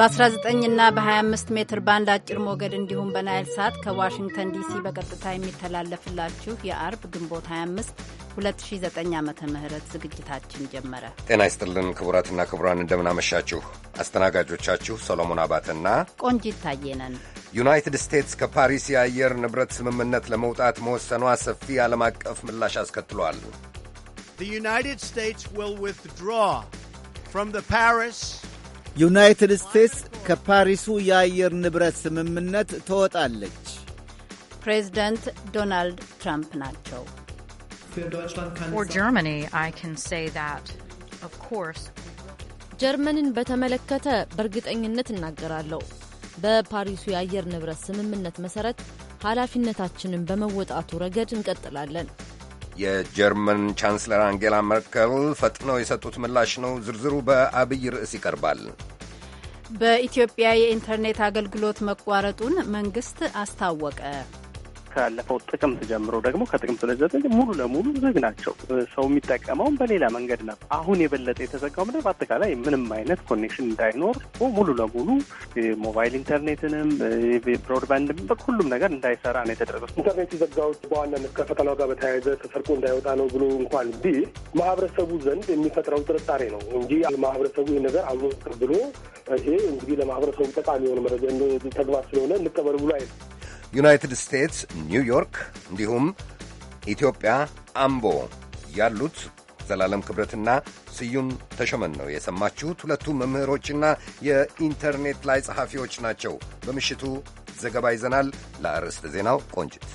በ19ና በ25 ሜትር ባንድ አጭር ሞገድ እንዲሁም በናይል ሳት ከዋሽንግተን ዲሲ በቀጥታ የሚተላለፍላችሁ የአርብ ግንቦት 25 2009 ዓ ም ዝግጅታችን ጀመረ። ጤና ይስጥልን ክቡራትና ክቡራን፣ እንደምናመሻችሁ። አስተናጋጆቻችሁ ሰሎሞን አባተና ቆንጂት ታየነን። ዩናይትድ ስቴትስ ከፓሪስ የአየር ንብረት ስምምነት ለመውጣት መወሰኗ ሰፊ ዓለም አቀፍ ምላሽ አስከትሏል። ዩናይትድ ስቴትስ ዊል ዊዝድራው ፍሮም ፓሪስ ዩናይትድ ስቴትስ ከፓሪሱ የአየር ንብረት ስምምነት ትወጣለች። ፕሬዝደንት ዶናልድ ትራምፕ ናቸው። ጀርመንን በተመለከተ በእርግጠኝነት እናገራለሁ። በፓሪሱ የአየር ንብረት ስምምነት መሠረት ኃላፊነታችንን በመወጣቱ ረገድ እንቀጥላለን። የጀርመን ቻንስለር አንጌላ መርከል ፈጥነው የሰጡት ምላሽ ነው። ዝርዝሩ በአብይ ርዕስ ይቀርባል። በኢትዮጵያ የኢንተርኔት አገልግሎት መቋረጡን መንግስት አስታወቀ። ካለፈው ጥቅምት ጀምሮ ደግሞ ከጥቅምት ለዘጠኝ ሙሉ ለሙሉ ዝግ ናቸው። ሰው የሚጠቀመውን በሌላ መንገድ ነው። አሁን የበለጠ የተዘጋው ምድር በአጠቃላይ ምንም አይነት ኮኔክሽን እንዳይኖር ሙሉ ለሙሉ ሞባይል ኢንተርኔትንም ብሮድባንድ ሁሉም ነገር እንዳይሰራ ነው የተደረገ። ኢንተርኔት የዘጋዎች በዋናነት ከፈተናው ጋር በተያያዘ ተሰርቆ እንዳይወጣ ነው ብሎ እንኳን ቢል ማህበረሰቡ ዘንድ የሚፈጥረው ጥርጣሬ ነው እንጂ ማህበረሰቡ ይህ ነገር አብሮ ብሎ ይሄ እንግዲህ ለማህበረሰቡ ጠቃሚ የሆነ መረጃ ተግባር ስለሆነ እንቀበል ብሎ አይልም። ዩናይትድ ስቴትስ ኒውዮርክ፣ እንዲሁም ኢትዮጵያ አምቦ ያሉት ዘላለም ክብረትና ስዩም ተሾመን ነው የሰማችሁት። ሁለቱ መምህሮችና የኢንተርኔት ላይ ጸሐፊዎች ናቸው። በምሽቱ ዘገባ ይዘናል። ለአርዕስተ ዜናው ቆንጭት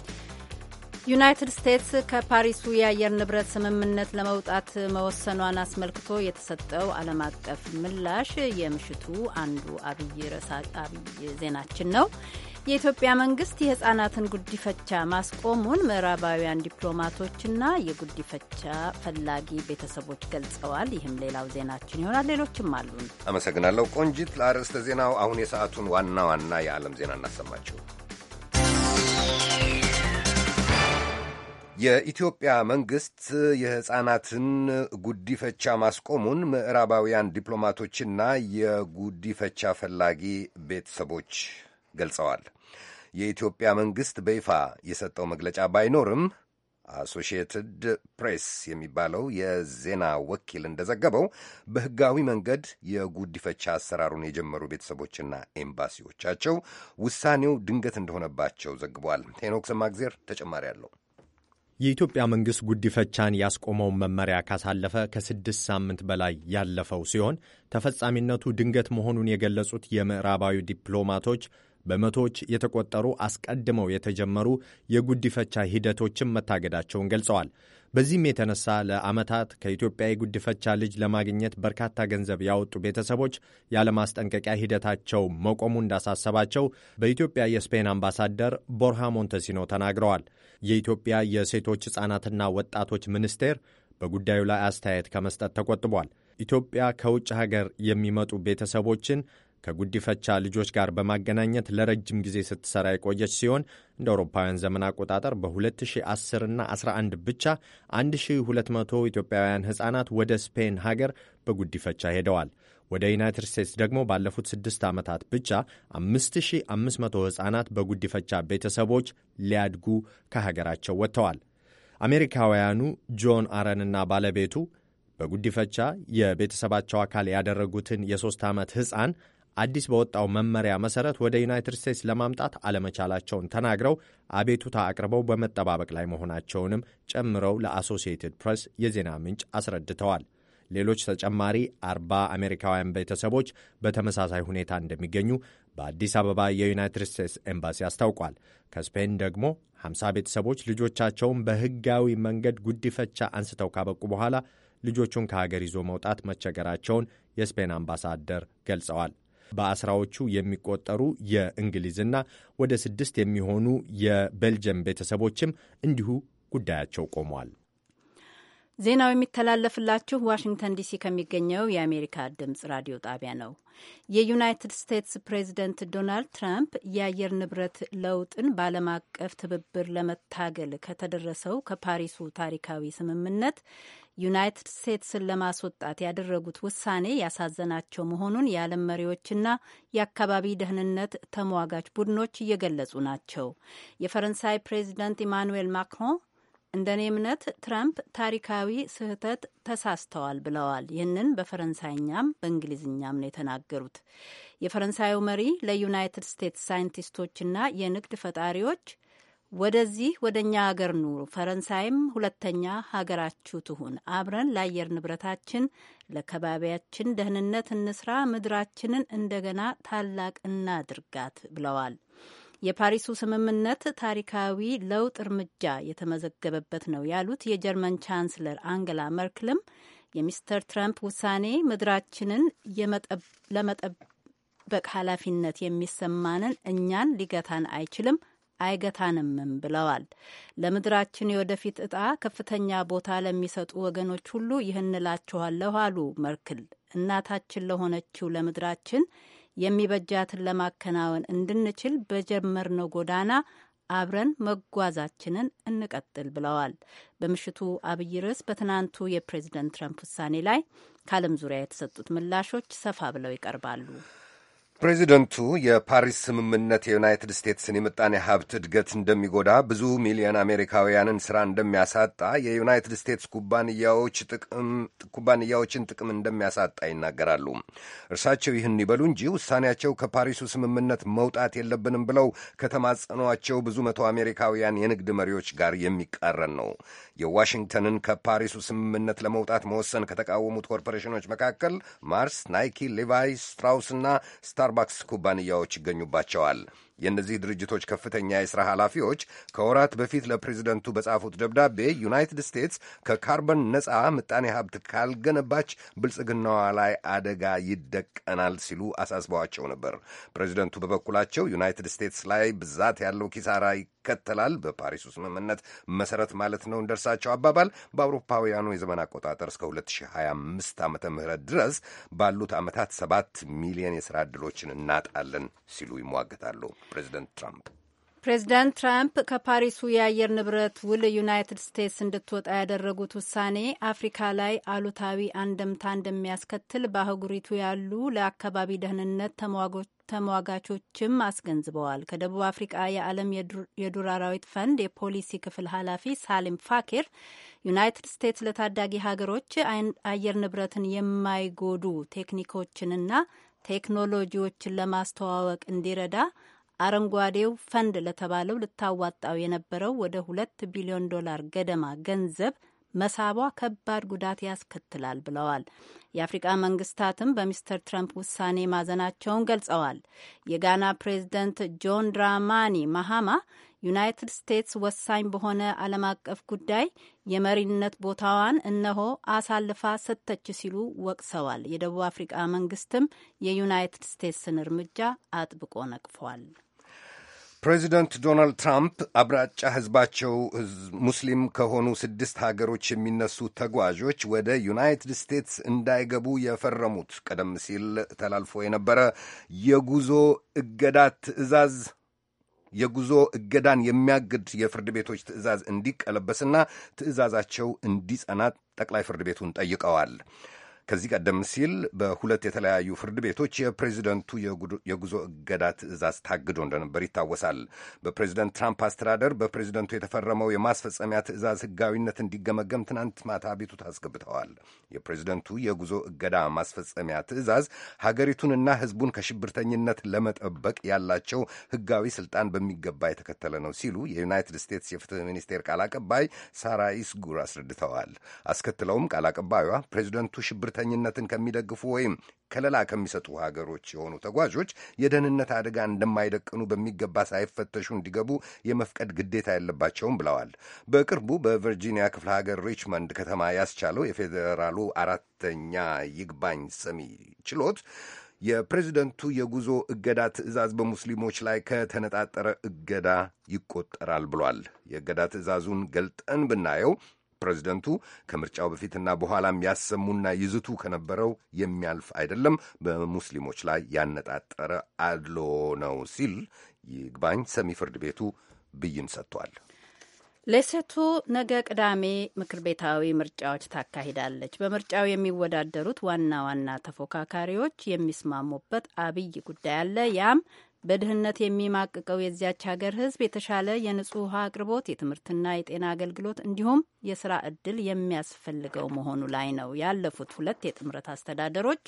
ዩናይትድ ስቴትስ ከፓሪሱ የአየር ንብረት ስምምነት ለመውጣት መወሰኗን አስመልክቶ የተሰጠው ዓለም አቀፍ ምላሽ የምሽቱ አንዱ አብይ ርዕሰ አብይ ዜናችን ነው። የኢትዮጵያ መንግስት የህጻናትን ጉዲፈቻ ማስቆሙን ምዕራባውያን ዲፕሎማቶችና የጉዲፈቻ ፈላጊ ቤተሰቦች ገልጸዋል። ይህም ሌላው ዜናችን ይሆናል። ሌሎችም አሉን። አመሰግናለሁ ቆንጂት። ለአርዕስተ ዜናው አሁን የሰዓቱን ዋና ዋና የዓለም ዜና እናሰማችሁ። የኢትዮጵያ መንግስት የሕፃናትን ጉዲፈቻ ማስቆሙን ምዕራባውያን ዲፕሎማቶችና የጉዲፈቻ ፈላጊ ቤተሰቦች ገልጸዋል። የኢትዮጵያ መንግሥት በይፋ የሰጠው መግለጫ ባይኖርም አሶሺየትድ ፕሬስ የሚባለው የዜና ወኪል እንደዘገበው በሕጋዊ መንገድ የጉዲፈቻ አሰራሩን የጀመሩ ቤተሰቦችና ኤምባሲዎቻቸው ውሳኔው ድንገት እንደሆነባቸው ዘግቧል። ሄኖክ ሰማግዜር ተጨማሪ አለው። የኢትዮጵያ መንግሥት ጉዲፈቻን ያስቆመውን መመሪያ ካሳለፈ ከስድስት ሳምንት በላይ ያለፈው ሲሆን ተፈጻሚነቱ ድንገት መሆኑን የገለጹት የምዕራባዊ ዲፕሎማቶች በመቶዎች የተቆጠሩ አስቀድመው የተጀመሩ የጉዲፈቻ ሂደቶችን መታገዳቸውን ገልጸዋል። በዚህም የተነሳ ለዓመታት ከኢትዮጵያ የጉዲፈቻ ልጅ ለማግኘት በርካታ ገንዘብ ያወጡ ቤተሰቦች ያለማስጠንቀቂያ ሂደታቸው መቆሙ እንዳሳሰባቸው በኢትዮጵያ የስፔን አምባሳደር ቦርሃ ሞንተሲኖ ተናግረዋል። የኢትዮጵያ የሴቶች ሕፃናትና ወጣቶች ሚኒስቴር በጉዳዩ ላይ አስተያየት ከመስጠት ተቆጥቧል። ኢትዮጵያ ከውጭ ሀገር የሚመጡ ቤተሰቦችን ከጉዲፈቻ ልጆች ጋር በማገናኘት ለረጅም ጊዜ ስትሰራ የቆየች ሲሆን እንደ አውሮፓውያን ዘመን አቆጣጠር በ2010 እና 11 ብቻ 1200 ኢትዮጵያውያን ሕፃናት ወደ ስፔን ሀገር በጉዲፈቻ ሄደዋል። ወደ ዩናይትድ ስቴትስ ደግሞ ባለፉት ስድስት ዓመታት ብቻ 5500 ሕፃናት በጉዲፈቻ ቤተሰቦች ሊያድጉ ከሀገራቸው ወጥተዋል። አሜሪካውያኑ ጆን አረንና ባለቤቱ በጉዲፈቻ የቤተሰባቸው አካል ያደረጉትን የሦስት ዓመት ሕፃን አዲስ በወጣው መመሪያ መሰረት ወደ ዩናይትድ ስቴትስ ለማምጣት አለመቻላቸውን ተናግረው አቤቱታ አቅርበው በመጠባበቅ ላይ መሆናቸውንም ጨምረው ለአሶሲየትድ ፕሬስ የዜና ምንጭ አስረድተዋል። ሌሎች ተጨማሪ አርባ አሜሪካውያን ቤተሰቦች በተመሳሳይ ሁኔታ እንደሚገኙ በአዲስ አበባ የዩናይትድ ስቴትስ ኤምባሲ አስታውቋል። ከስፔን ደግሞ 50 ቤተሰቦች ልጆቻቸውን በሕጋዊ መንገድ ጉዲፈቻ አንስተው ካበቁ በኋላ ልጆቹን ከሀገር ይዞ መውጣት መቸገራቸውን የስፔን አምባሳደር ገልጸዋል። በአስራዎቹ የሚቆጠሩ የእንግሊዝና ወደ ስድስት የሚሆኑ የቤልጅየም ቤተሰቦችም እንዲሁ ጉዳያቸው ቆሟል። ዜናው የሚተላለፍላችሁ ዋሽንግተን ዲሲ ከሚገኘው የአሜሪካ ድምጽ ራዲዮ ጣቢያ ነው። የዩናይትድ ስቴትስ ፕሬዚደንት ዶናልድ ትራምፕ የአየር ንብረት ለውጥን በዓለም አቀፍ ትብብር ለመታገል ከተደረሰው ከፓሪሱ ታሪካዊ ስምምነት ዩናይትድ ስቴትስን ለማስወጣት ያደረጉት ውሳኔ ያሳዘናቸው መሆኑን የዓለም መሪዎችና የአካባቢ ደህንነት ተሟጋች ቡድኖች እየገለጹ ናቸው። የፈረንሳይ ፕሬዚደንት ኢማኑዌል ማክሮን እንደ እኔ እምነት ትራምፕ ታሪካዊ ስህተት ተሳስተዋል ብለዋል። ይህንን በፈረንሳይኛም በእንግሊዝኛም ነው የተናገሩት። የፈረንሳዩ መሪ ለዩናይትድ ስቴትስ ሳይንቲስቶችና የንግድ ፈጣሪዎች ወደዚህ ወደ እኛ ሀገር ኑ፣ ፈረንሳይም ሁለተኛ ሀገራችሁ ትሁን፣ አብረን ለአየር ንብረታችን ለከባቢያችን ደህንነት እንስራ፣ ምድራችንን እንደገና ታላቅ እናድርጋት ብለዋል። የፓሪሱ ስምምነት ታሪካዊ ለውጥ እርምጃ የተመዘገበበት ነው ያሉት የጀርመን ቻንስለር አንገላ መርክልም የሚስተር ትራምፕ ውሳኔ ምድራችንን ለመጠበቅ ኃላፊነት የሚሰማንን እኛን ሊገታን አይችልም አይገታንምም ብለዋል። ለምድራችን የወደፊት እጣ ከፍተኛ ቦታ ለሚሰጡ ወገኖች ሁሉ ይህን እላችኋለሁ አሉ መርክል። እናታችን ለሆነችው ለምድራችን የሚበጃትን ለማከናወን እንድንችል በጀመርነው ጎዳና አብረን መጓዛችንን እንቀጥል ብለዋል። በምሽቱ አብይ ርዕስ በትናንቱ የፕሬዝደንት ትረምፕ ውሳኔ ላይ ከዓለም ዙሪያ የተሰጡት ምላሾች ሰፋ ብለው ይቀርባሉ። ፕሬዚደንቱ የፓሪስ ስምምነት የዩናይትድ ስቴትስን የምጣኔ ሀብት እድገት እንደሚጎዳ፣ ብዙ ሚሊዮን አሜሪካውያንን ስራ እንደሚያሳጣ፣ የዩናይትድ ስቴትስ ኩባንያዎችን ጥቅም እንደሚያሳጣ ይናገራሉ። እርሳቸው ይህን ይበሉ እንጂ ውሳኔያቸው ከፓሪሱ ስምምነት መውጣት የለብንም ብለው ከተማጸኗቸው ብዙ መቶ አሜሪካውያን የንግድ መሪዎች ጋር የሚቃረን ነው። የዋሽንግተንን ከፓሪሱ ስምምነት ለመውጣት መወሰን ከተቃወሙት ኮርፖሬሽኖች መካከል ማርስ፣ ናይኪ፣ ሊቫይ ስትራውስ እና ስታር ስታርባክስ ኩባንያዎች ይገኙባቸዋል። የእነዚህ ድርጅቶች ከፍተኛ የሥራ ኃላፊዎች ከወራት በፊት ለፕሬዚደንቱ በጻፉት ደብዳቤ ዩናይትድ ስቴትስ ከካርበን ነፃ ምጣኔ ሀብት ካልገነባች ብልጽግናዋ ላይ አደጋ ይደቀናል ሲሉ አሳስበዋቸው ነበር። ፕሬዚደንቱ በበኩላቸው ዩናይትድ ስቴትስ ላይ ብዛት ያለው ኪሳራ ይከተላል፣ በፓሪሱ ስምምነት መሰረት ማለት ነው። እንደርሳቸው አባባል በአውሮፓውያኑ የዘመን አቆጣጠር እስከ 2025 ዓመተ ምህረት ድረስ ባሉት ዓመታት ሰባት ሚሊዮን የሥራ ዕድሎችን እናጣለን ሲሉ ይሟገታሉ። ፕሬዚደንት ትራምፕ ፕሬዚዳንት ትራምፕ ከፓሪሱ የአየር ንብረት ውል ዩናይትድ ስቴትስ እንድትወጣ ያደረጉት ውሳኔ አፍሪካ ላይ አሉታዊ አንደምታ እንደሚያስከትል በአህጉሪቱ ያሉ ለአካባቢ ደህንነት ተሟጋቾችም አስገንዝበዋል። ከደቡብ አፍሪቃ የዓለም የዱር አራዊት ፈንድ የፖሊሲ ክፍል ኃላፊ ሳሊም ፋኪር ዩናይትድ ስቴትስ ለታዳጊ ሀገሮች አየር ንብረትን የማይጎዱ ቴክኒኮችንና ቴክኖሎጂዎችን ለማስተዋወቅ እንዲረዳ አረንጓዴው ፈንድ ለተባለው ልታዋጣው የነበረው ወደ ሁለት ቢሊዮን ዶላር ገደማ ገንዘብ መሳቧ ከባድ ጉዳት ያስከትላል ብለዋል። የአፍሪቃ መንግስታትም በሚስተር ትረምፕ ውሳኔ ማዘናቸውን ገልጸዋል። የጋና ፕሬዚደንት ጆን ድራማኒ ማሃማ ዩናይትድ ስቴትስ ወሳኝ በሆነ ዓለም አቀፍ ጉዳይ የመሪነት ቦታዋን እነሆ አሳልፋ ሰጥተች ሲሉ ወቅሰዋል። የደቡብ አፍሪቃ መንግስትም የዩናይትድ ስቴትስን እርምጃ አጥብቆ ነቅፏል። ፕሬዚደንት ዶናልድ ትራምፕ አብራጫ ህዝባቸው ሙስሊም ከሆኑ ስድስት ሀገሮች የሚነሱ ተጓዦች ወደ ዩናይትድ ስቴትስ እንዳይገቡ የፈረሙት ቀደም ሲል ተላልፎ የነበረ የጉዞ እገዳ ትዕዛዝ የጉዞ እገዳን የሚያግድ የፍርድ ቤቶች ትዕዛዝ እንዲቀለበስና ትዕዛዛቸው እንዲጸና ጠቅላይ ፍርድ ቤቱን ጠይቀዋል። ከዚህ ቀደም ሲል በሁለት የተለያዩ ፍርድ ቤቶች የፕሬዚደንቱ የጉዞ እገዳ ትዕዛዝ ታግዶ እንደነበር ይታወሳል። በፕሬዚደንት ትራምፕ አስተዳደር በፕሬዚደንቱ የተፈረመው የማስፈጸሚያ ትዕዛዝ ሕጋዊነት እንዲገመገም ትናንት ማታ ቤቱ አስገብተዋል። የፕሬዚደንቱ የጉዞ እገዳ ማስፈጸሚያ ትዕዛዝ ሀገሪቱንና ሕዝቡን ከሽብርተኝነት ለመጠበቅ ያላቸው ሕጋዊ ስልጣን በሚገባ የተከተለ ነው ሲሉ የዩናይትድ ስቴትስ የፍትህ ሚኒስቴር ቃል አቀባይ ሳራ ኢስጉር አስረድተዋል። አስከትለውም ቃል አቀባዩዋ ፕሬዚደንቱ ሽብር ሽብርተኝነትን ከሚደግፉ ወይም ከለላ ከሚሰጡ ሀገሮች የሆኑ ተጓዦች የደህንነት አደጋ እንደማይደቅኑ በሚገባ ሳይፈተሹ እንዲገቡ የመፍቀድ ግዴታ የለባቸውም ብለዋል። በቅርቡ በቨርጂኒያ ክፍለ ሀገር ሪችመንድ ከተማ ያስቻለው የፌዴራሉ አራተኛ ይግባኝ ሰሚ ችሎት የፕሬዚደንቱ የጉዞ እገዳ ትዕዛዝ በሙስሊሞች ላይ ከተነጣጠረ እገዳ ይቆጠራል ብሏል። የእገዳ ትዕዛዙን ገልጠን ብናየው ፕሬዚደንቱ ከምርጫው በፊትና በኋላም ያሰሙና ይዝቱ ከነበረው የሚያልፍ አይደለም፣ በሙስሊሞች ላይ ያነጣጠረ አድሎ ነው ሲል ይግባኝ ሰሚ ፍርድ ቤቱ ብይን ሰጥቷል። ሌሴቱ ነገ ቅዳሜ ምክር ቤታዊ ምርጫዎች ታካሂዳለች። በምርጫው የሚወዳደሩት ዋና ዋና ተፎካካሪዎች የሚስማሙበት አብይ ጉዳይ አለ። ያም በድህነት የሚማቅቀው የዚያች ሀገር ህዝብ የተሻለ የንጹህ ውሃ አቅርቦት፣ የትምህርትና የጤና አገልግሎት እንዲሁም የስራ እድል የሚያስፈልገው መሆኑ ላይ ነው። ያለፉት ሁለት የጥምረት አስተዳደሮች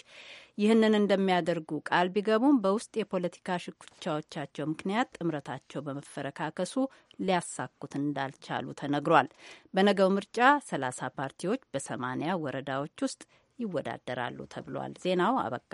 ይህንን እንደሚያደርጉ ቃል ቢገቡም በውስጥ የፖለቲካ ሽኩቻዎቻቸው ምክንያት ጥምረታቸው በመፈረካከሱ ሊያሳኩት እንዳልቻሉ ተነግሯል። በነገው ምርጫ ሰላሳ ፓርቲዎች በሰማኒያ ወረዳዎች ውስጥ ይወዳደራሉ ተብሏል። ዜናው አበቃ።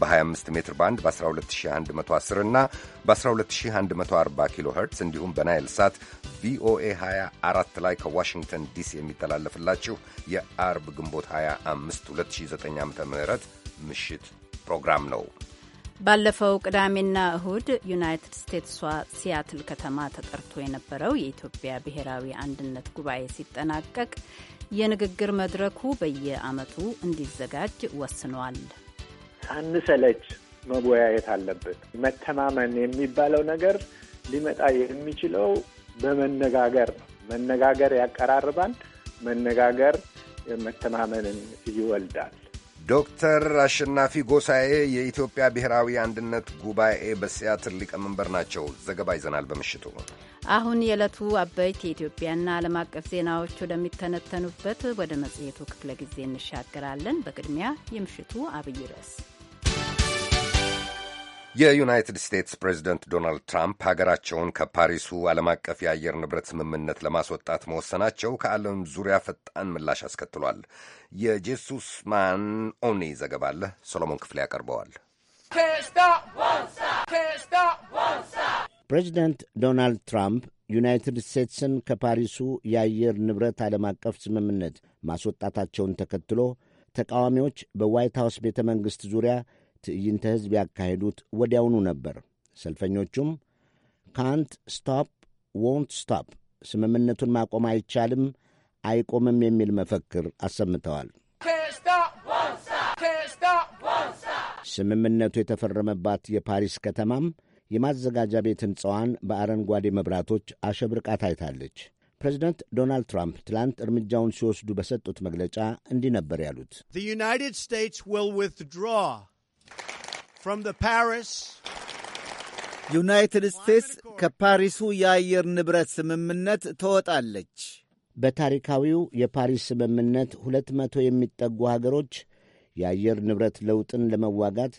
በ25 ሜትር ባንድ በ12110 እና በ12140 ኪሎ ኸርትዝ እንዲሁም በናይል ሳት ቪኦኤ 24 ላይ ከዋሽንግተን ዲሲ የሚተላለፍላችሁ የአርብ ግንቦት 25 2009 ዓ ም ምሽት ፕሮግራም ነው። ባለፈው ቅዳሜና እሁድ ዩናይትድ ስቴትሷ ሲያትል ከተማ ተጠርቶ የነበረው የኢትዮጵያ ብሔራዊ አንድነት ጉባኤ ሲጠናቀቅ የንግግር መድረኩ በየዓመቱ እንዲዘጋጅ ወስኗል። ሳንሰለች መወያየት አለብን። መተማመን የሚባለው ነገር ሊመጣ የሚችለው በመነጋገር ነው። መነጋገር ያቀራርባል። መነጋገር መተማመንን ይወልዳል። ዶክተር አሸናፊ ጎሳኤ የኢትዮጵያ ብሔራዊ አንድነት ጉባኤ በሲያትል ሊቀመንበር ናቸው። ዘገባ ይዘናል በምሽቱ። አሁን የዕለቱ አበይት የኢትዮጵያና ዓለም አቀፍ ዜናዎች ወደሚተነተኑበት ወደ መጽሔቱ ክፍለ ጊዜ እንሻገራለን። በቅድሚያ የምሽቱ አብይ ርዕስ የዩናይትድ ስቴትስ ፕሬዚደንት ዶናልድ ትራምፕ ሀገራቸውን ከፓሪሱ ዓለም አቀፍ የአየር ንብረት ስምምነት ለማስወጣት መወሰናቸው ከዓለም ዙሪያ ፈጣን ምላሽ አስከትሏል። የጄሱስ ማን ኦኒ ዘገባ አለ፣ ሰሎሞን ክፍሌ ያቀርበዋል። ፕሬዚደንት ዶናልድ ትራምፕ ዩናይትድ ስቴትስን ከፓሪሱ የአየር ንብረት ዓለም አቀፍ ስምምነት ማስወጣታቸውን ተከትሎ ተቃዋሚዎች በዋይት ሃውስ ቤተ መንግሥት ዙሪያ ትዕይንተ ሕዝብ ያካሄዱት ወዲያውኑ ነበር። ሰልፈኞቹም ካንት ስቶፕ ዎንት ስቶፕ፣ ስምምነቱን ማቆም አይቻልም፣ አይቆምም የሚል መፈክር አሰምተዋል። ስምምነቱ የተፈረመባት የፓሪስ ከተማም የማዘጋጃ ቤት ሕንፃዋን በአረንጓዴ መብራቶች አሸብርቃ ታይታለች። ፕሬዚደንት ዶናልድ ትራምፕ ትላንት እርምጃውን ሲወስዱ በሰጡት መግለጫ እንዲህ ነበር ያሉት። ዩናይትድ ስቴትስ ከፓሪሱ የአየር ንብረት ስምምነት ትወጣለች። በታሪካዊው የፓሪስ ስምምነት ሁለት መቶ የሚጠጉ ሀገሮች የአየር ንብረት ለውጥን ለመዋጋት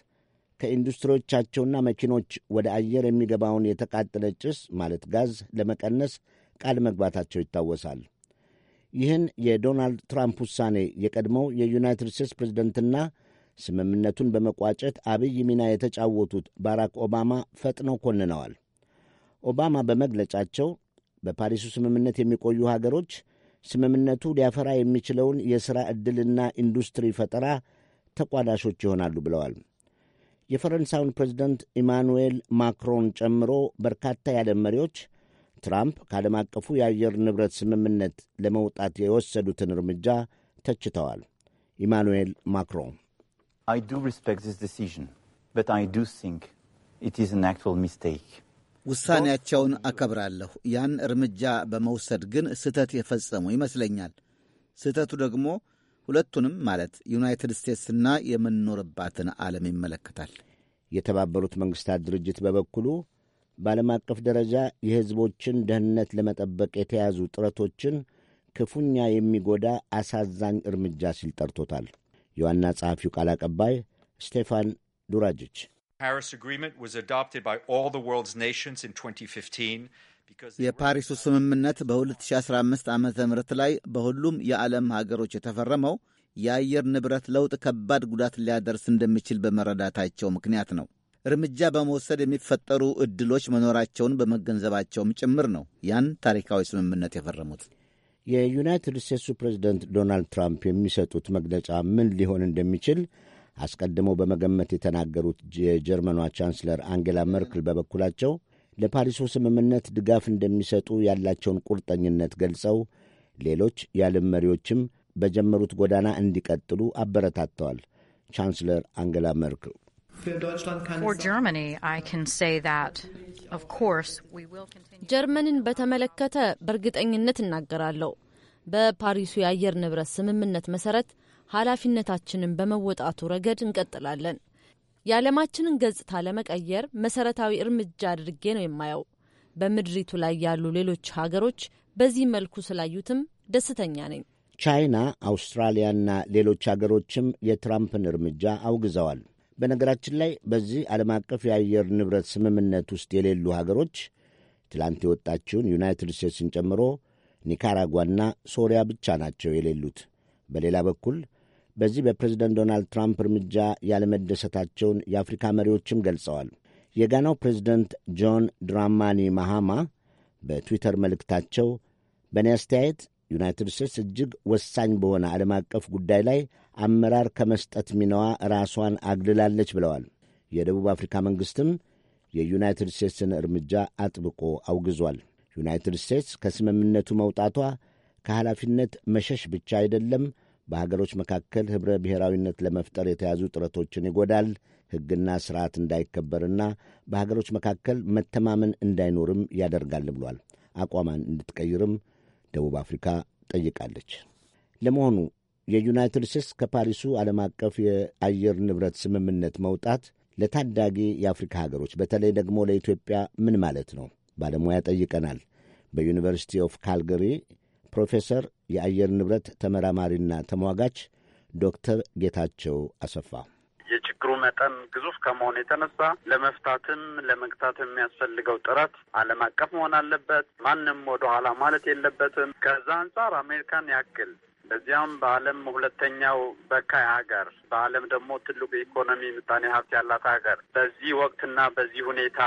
ከኢንዱስትሪዎቻቸውና መኪኖች ወደ አየር የሚገባውን የተቃጠለ ጭስ ማለት ጋዝ ለመቀነስ ቃል መግባታቸው ይታወሳል። ይህን የዶናልድ ትራምፕ ውሳኔ የቀድሞው የዩናይትድ ስቴትስ ፕሬዝደንትና ስምምነቱን በመቋጨት አብይ ሚና የተጫወቱት ባራክ ኦባማ ፈጥነው ኮንነዋል። ኦባማ በመግለጫቸው በፓሪሱ ስምምነት የሚቆዩ ሀገሮች ስምምነቱ ሊያፈራ የሚችለውን የሥራ ዕድልና ኢንዱስትሪ ፈጠራ ተቋዳሾች ይሆናሉ ብለዋል። የፈረንሳዩን ፕሬዚደንት ኢማኑኤል ማክሮን ጨምሮ በርካታ የዓለም መሪዎች ትራምፕ ከዓለም አቀፉ የአየር ንብረት ስምምነት ለመውጣት የወሰዱትን እርምጃ ተችተዋል። ኢማኑኤል ማክሮን I do respect this decision, but I do think it is an actual mistake. ውሳኔያቸውን አከብራለሁ። ያን እርምጃ በመውሰድ ግን ስህተት የፈጸሙ ይመስለኛል። ስህተቱ ደግሞ ሁለቱንም ማለት ዩናይትድ ስቴትስና የምንኖርባትን ዓለም ይመለከታል። የተባበሩት መንግሥታት ድርጅት በበኩሉ በዓለም አቀፍ ደረጃ የሕዝቦችን ደህንነት ለመጠበቅ የተያዙ ጥረቶችን ክፉኛ የሚጎዳ አሳዛኝ እርምጃ ሲል ጠርቶታል። የዋና ጸሐፊው ቃል አቀባይ ስቴፋን ዱራጅች የፓሪሱ ስምምነት በ2015 ዓ ም ላይ በሁሉም የዓለም ሀገሮች የተፈረመው የአየር ንብረት ለውጥ ከባድ ጉዳት ሊያደርስ እንደሚችል በመረዳታቸው ምክንያት ነው። እርምጃ በመውሰድ የሚፈጠሩ ዕድሎች መኖራቸውን በመገንዘባቸውም ጭምር ነው ያን ታሪካዊ ስምምነት የፈረሙት። የዩናይትድ ስቴትሱ ፕሬዝደንት ዶናልድ ትራምፕ የሚሰጡት መግለጫ ምን ሊሆን እንደሚችል አስቀድመው በመገመት የተናገሩት የጀርመኗ ቻንስለር አንጌላ መርክል በበኩላቸው ለፓሪሱ ስምምነት ድጋፍ እንደሚሰጡ ያላቸውን ቁርጠኝነት ገልጸው ሌሎች የዓለም መሪዎችም በጀመሩት ጎዳና እንዲቀጥሉ አበረታተዋል። ቻንስለር አንጌላ መርክል ጀርመንን በተመለከተ በእርግጠኝነት እናገራለሁ። በፓሪሱ የአየር ንብረት ስምምነት መሰረት ኃላፊነታችንን በመወጣቱ ረገድ እንቀጥላለን። የዓለማችንን ገጽታ ለመቀየር መሰረታዊ እርምጃ አድርጌ ነው የማየው። በምድሪቱ ላይ ያሉ ሌሎች ሀገሮች በዚህ መልኩ ስላዩትም ደስተኛ ነኝ። ቻይና፣ አውስትራሊያና ሌሎች ሀገሮችም የትራምፕን እርምጃ አውግዘዋል። በነገራችን ላይ በዚህ ዓለም አቀፍ የአየር ንብረት ስምምነት ውስጥ የሌሉ ሀገሮች ትላንት የወጣችውን ዩናይትድ ስቴትስን ጨምሮ ኒካራጓና ሶሪያ ብቻ ናቸው የሌሉት። በሌላ በኩል በዚህ በፕሬዝደንት ዶናልድ ትራምፕ እርምጃ ያለመደሰታቸውን የአፍሪካ መሪዎችም ገልጸዋል። የጋናው ፕሬዝደንት ጆን ድራማኒ ማሃማ በትዊተር መልእክታቸው በእኔ አስተያየት ዩናይትድ ስቴትስ እጅግ ወሳኝ በሆነ ዓለም አቀፍ ጉዳይ ላይ አመራር ከመስጠት ሚናዋ ራሷን አግልላለች ብለዋል። የደቡብ አፍሪካ መንግሥትም የዩናይትድ ስቴትስን እርምጃ አጥብቆ አውግዟል። ዩናይትድ ስቴትስ ከስምምነቱ መውጣቷ ከኃላፊነት መሸሽ ብቻ አይደለም፣ በሀገሮች መካከል ኅብረ ብሔራዊነት ለመፍጠር የተያዙ ጥረቶችን ይጎዳል፣ ሕግና ሥርዓት እንዳይከበርና በሀገሮች መካከል መተማመን እንዳይኖርም ያደርጋል ብሏል። አቋማን እንድትቀይርም ደቡብ አፍሪካ ጠይቃለች። ለመሆኑ የዩናይትድ ስቴትስ ከፓሪሱ ዓለም አቀፍ የአየር ንብረት ስምምነት መውጣት ለታዳጊ የአፍሪካ ሀገሮች በተለይ ደግሞ ለኢትዮጵያ ምን ማለት ነው? ባለሙያ ጠይቀናል። በዩኒቨርሲቲ ኦፍ ካልገሪ ፕሮፌሰር የአየር ንብረት ተመራማሪና ተሟጋች ዶክተር ጌታቸው አሰፋ የችግሩ መጠን ግዙፍ ከመሆኑ የተነሳ ለመፍታትም ለመግታት የሚያስፈልገው ጥረት ዓለም አቀፍ መሆን አለበት። ማንም ወደኋላ ማለት የለበትም። ከዛ አንጻር አሜሪካን ያክል በዚያም በዓለም ሁለተኛው በካይ ሀገር በዓለም ደግሞ ትልቁ ኢኮኖሚ ምጣኔ ሀብት ያላት ሀገር በዚህ ወቅትና በዚህ ሁኔታ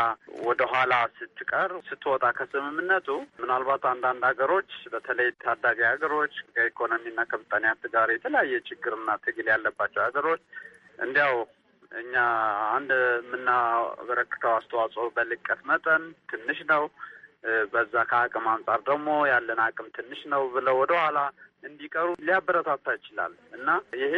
ወደኋላ ስትቀር ስትወጣ ከስምምነቱ ምናልባት አንዳንድ ሀገሮች በተለይ ታዳጊ ሀገሮች ከኢኮኖሚና ከምጣኔ ሀብት ጋር የተለያየ ችግርና ትግል ያለባቸው ሀገሮች እንዲያው እኛ አንድ የምናበረክተው አስተዋጽኦ በልቀት መጠን ትንሽ ነው፣ በዛ ከአቅም አንጻር ደግሞ ያለን አቅም ትንሽ ነው ብለው ወደኋላ እንዲቀሩ ሊያበረታታ ይችላል እና ይሄ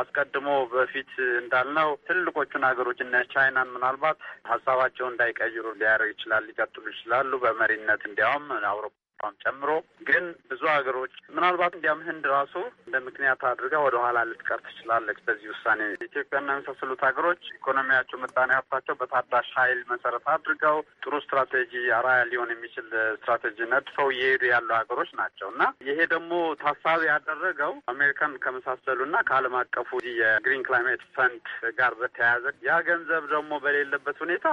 አስቀድሞ በፊት እንዳልነው ትልቆቹን ሀገሮች እነ ቻይናን ምናልባት ሀሳባቸውን እንዳይቀይሩ ሊያደርግ ይችላል፣ ሊቀጥሉ ይችላሉ በመሪነት እንዲያውም አውሮፓ ቋም ጨምሮ ግን ብዙ ሀገሮች ምናልባት እንዲያም ህንድ ራሱ እንደ ምክንያት አድርጋ ወደ ኋላ ልትቀር ትችላለች በዚህ ውሳኔ። ኢትዮጵያና የመሳሰሉት ሀገሮች ኢኮኖሚያቸው፣ ምጣኔ ሀብታቸው በታዳሽ ኃይል መሰረት አድርገው ጥሩ ስትራቴጂ አራያ ሊሆን የሚችል ስትራቴጂ ነድፈው እየሄዱ ያሉ ሀገሮች ናቸው እና ይሄ ደግሞ ታሳቢ ያደረገው አሜሪካን ከመሳሰሉና ከዓለም አቀፉ የግሪን ክላይሜት ፈንድ ጋር በተያያዘ ያ ገንዘብ ደግሞ በሌለበት ሁኔታ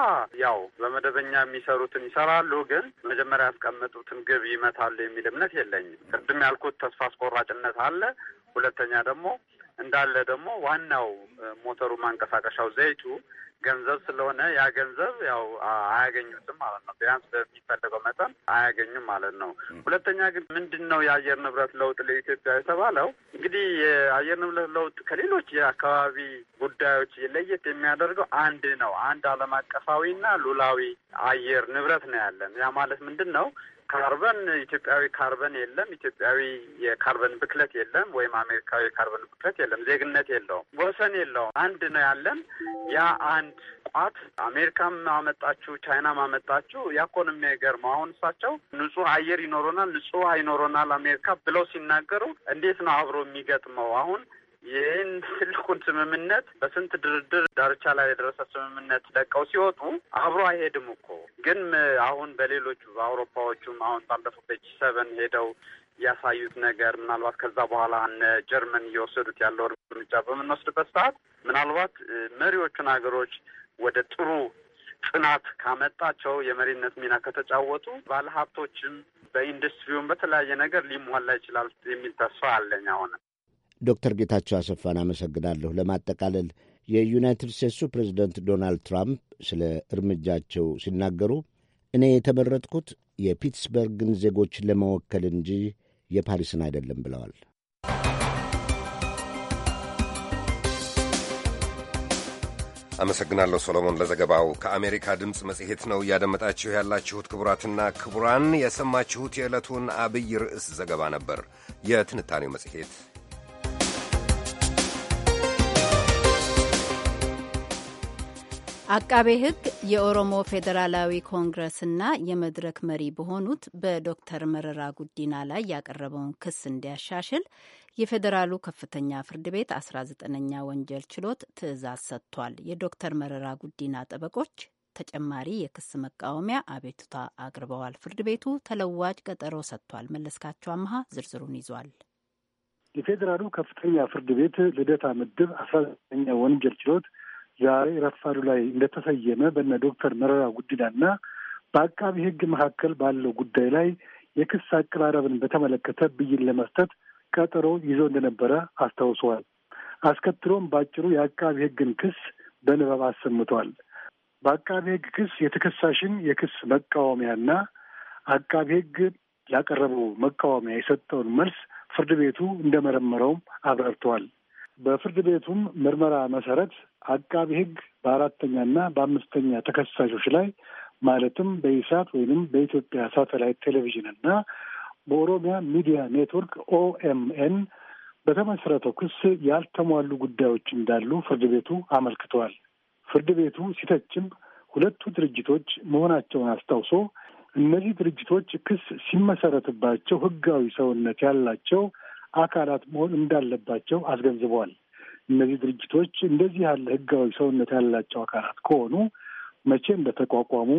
ያው በመደበኛ የሚሰሩትን ይሰራሉ፣ ግን መጀመሪያ ያስቀመጡትን ግብ ይመታሉ የሚል እምነት የለኝም። ቅድም ያልኩት ተስፋ አስቆራጭነት አለ። ሁለተኛ ደግሞ እንዳለ ደግሞ ዋናው ሞተሩ ማንቀሳቀሻው ዘይቱ ገንዘብ ስለሆነ ያ ገንዘብ ያው አያገኙትም ማለት ነው። ቢያንስ በሚፈለገው መጠን አያገኙም ማለት ነው። ሁለተኛ ግን ምንድን ነው የአየር ንብረት ለውጥ ለኢትዮጵያ የተባለው እንግዲህ የአየር ንብረት ለውጥ ከሌሎች የአካባቢ ጉዳዮች ለየት የሚያደርገው አንድ ነው። አንድ ዓለም አቀፋዊና ሉላዊ አየር ንብረት ነው ያለን። ያ ማለት ምንድን ነው ካርበን ኢትዮጵያዊ ካርበን የለም፣ ኢትዮጵያዊ የካርበን ብክለት የለም፣ ወይም አሜሪካዊ የካርበን ብክለት የለም። ዜግነት የለውም፣ ወሰን የለውም። አንድ ነው ያለን። ያ አንድ ቋት አሜሪካም አመጣችሁ፣ ቻይናም አመጣችሁ፣ ያ እኮ ነው የሚገርመው። አሁን እሳቸው ንጹህ አየር ይኖረናል፣ ንጹህ ውሃ ይኖረናል አሜሪካ ብለው ሲናገሩ እንዴት ነው አብሮ የሚገጥመው አሁን ይህን ትልቁን ስምምነት በስንት ድርድር ዳርቻ ላይ የደረሰ ስምምነት ለቀው ሲወጡ አብሮ አይሄድም እኮ ግን አሁን በሌሎቹ በአውሮፓዎቹም አሁን ባለፉት ጂ ሰቨን ሄደው ያሳዩት ነገር ምናልባት ከዛ በኋላ እነ ጀርመን እየወሰዱት ያለው እርምጃ በምንወስድበት ሰዓት ምናልባት መሪዎቹን ሀገሮች ወደ ጥሩ ጽናት ካመጣቸው የመሪነት ሚና ከተጫወቱ ባለሀብቶችም በኢንዱስትሪውም በተለያየ ነገር ሊሟላ ይችላል የሚል ተስፋ አለኝ። አሁንም ዶክተር ጌታቸው አሰፋን አመሰግናለሁ። ለማጠቃለል የዩናይትድ ስቴትሱ ፕሬዚደንት ዶናልድ ትራምፕ ስለ እርምጃቸው ሲናገሩ እኔ የተመረጥኩት የፒትስበርግን ዜጎች ለመወከል እንጂ የፓሪስን አይደለም ብለዋል። አመሰግናለሁ ሶሎሞን ለዘገባው። ከአሜሪካ ድምፅ መጽሔት ነው እያደመጣችሁ ያላችሁት። ክቡራትና ክቡራን የሰማችሁት የዕለቱን አብይ ርዕስ ዘገባ ነበር። የትንታኔው መጽሔት አቃቤ ሕግ የኦሮሞ ፌዴራላዊ ኮንግረስና የመድረክ መሪ በሆኑት በዶክተር መረራ ጉዲና ላይ ያቀረበውን ክስ እንዲያሻሽል የፌዴራሉ ከፍተኛ ፍርድ ቤት 19ኛ ወንጀል ችሎት ትዕዛዝ ሰጥቷል። የዶክተር መረራ ጉዲና ጠበቆች ተጨማሪ የክስ መቃወሚያ አቤቱታ አቅርበዋል። ፍርድ ቤቱ ተለዋጭ ቀጠሮ ሰጥቷል። መለስካቸው አመሀ ዝርዝሩን ይዟል። የፌዴራሉ ከፍተኛ ፍርድ ቤት ልደታ ምድብ አስራ ዘጠነኛ ወንጀል ችሎት ዛሬ ረፋዱ ላይ እንደተሰየመ በነ ዶክተር መረራ ጉዲናና በአቃቢ ሕግ መካከል ባለው ጉዳይ ላይ የክስ አቀራረብን በተመለከተ ብይን ለመስጠት ቀጠሮ ይዞ እንደነበረ አስታውሰዋል። አስከትሎም በአጭሩ የአቃቢ ሕግን ክስ በንባብ አሰምተዋል። በአቃቢ ሕግ ክስ የተከሳሽን የክስ መቃወሚያና አቃቢ ሕግ ላቀረበው መቃወሚያ የሰጠውን መልስ ፍርድ ቤቱ እንደመረመረውም አብራርተዋል። በፍርድ ቤቱም ምርመራ መሰረት አቃቢ ሕግ በአራተኛና በአምስተኛ ተከሳሾች ላይ ማለትም በኢሳት ወይንም በኢትዮጵያ ሳተላይት ቴሌቪዥን እና በኦሮሚያ ሚዲያ ኔትወርክ ኦኤምኤን በተመሰረተው ክስ ያልተሟሉ ጉዳዮች እንዳሉ ፍርድ ቤቱ አመልክተዋል። ፍርድ ቤቱ ሲተችም ሁለቱ ድርጅቶች መሆናቸውን አስታውሶ እነዚህ ድርጅቶች ክስ ሲመሰረትባቸው ሕጋዊ ሰውነት ያላቸው አካላት መሆን እንዳለባቸው አስገንዝበዋል። እነዚህ ድርጅቶች እንደዚህ ያለ ህጋዊ ሰውነት ያላቸው አካላት ከሆኑ መቼ እንደተቋቋሙ፣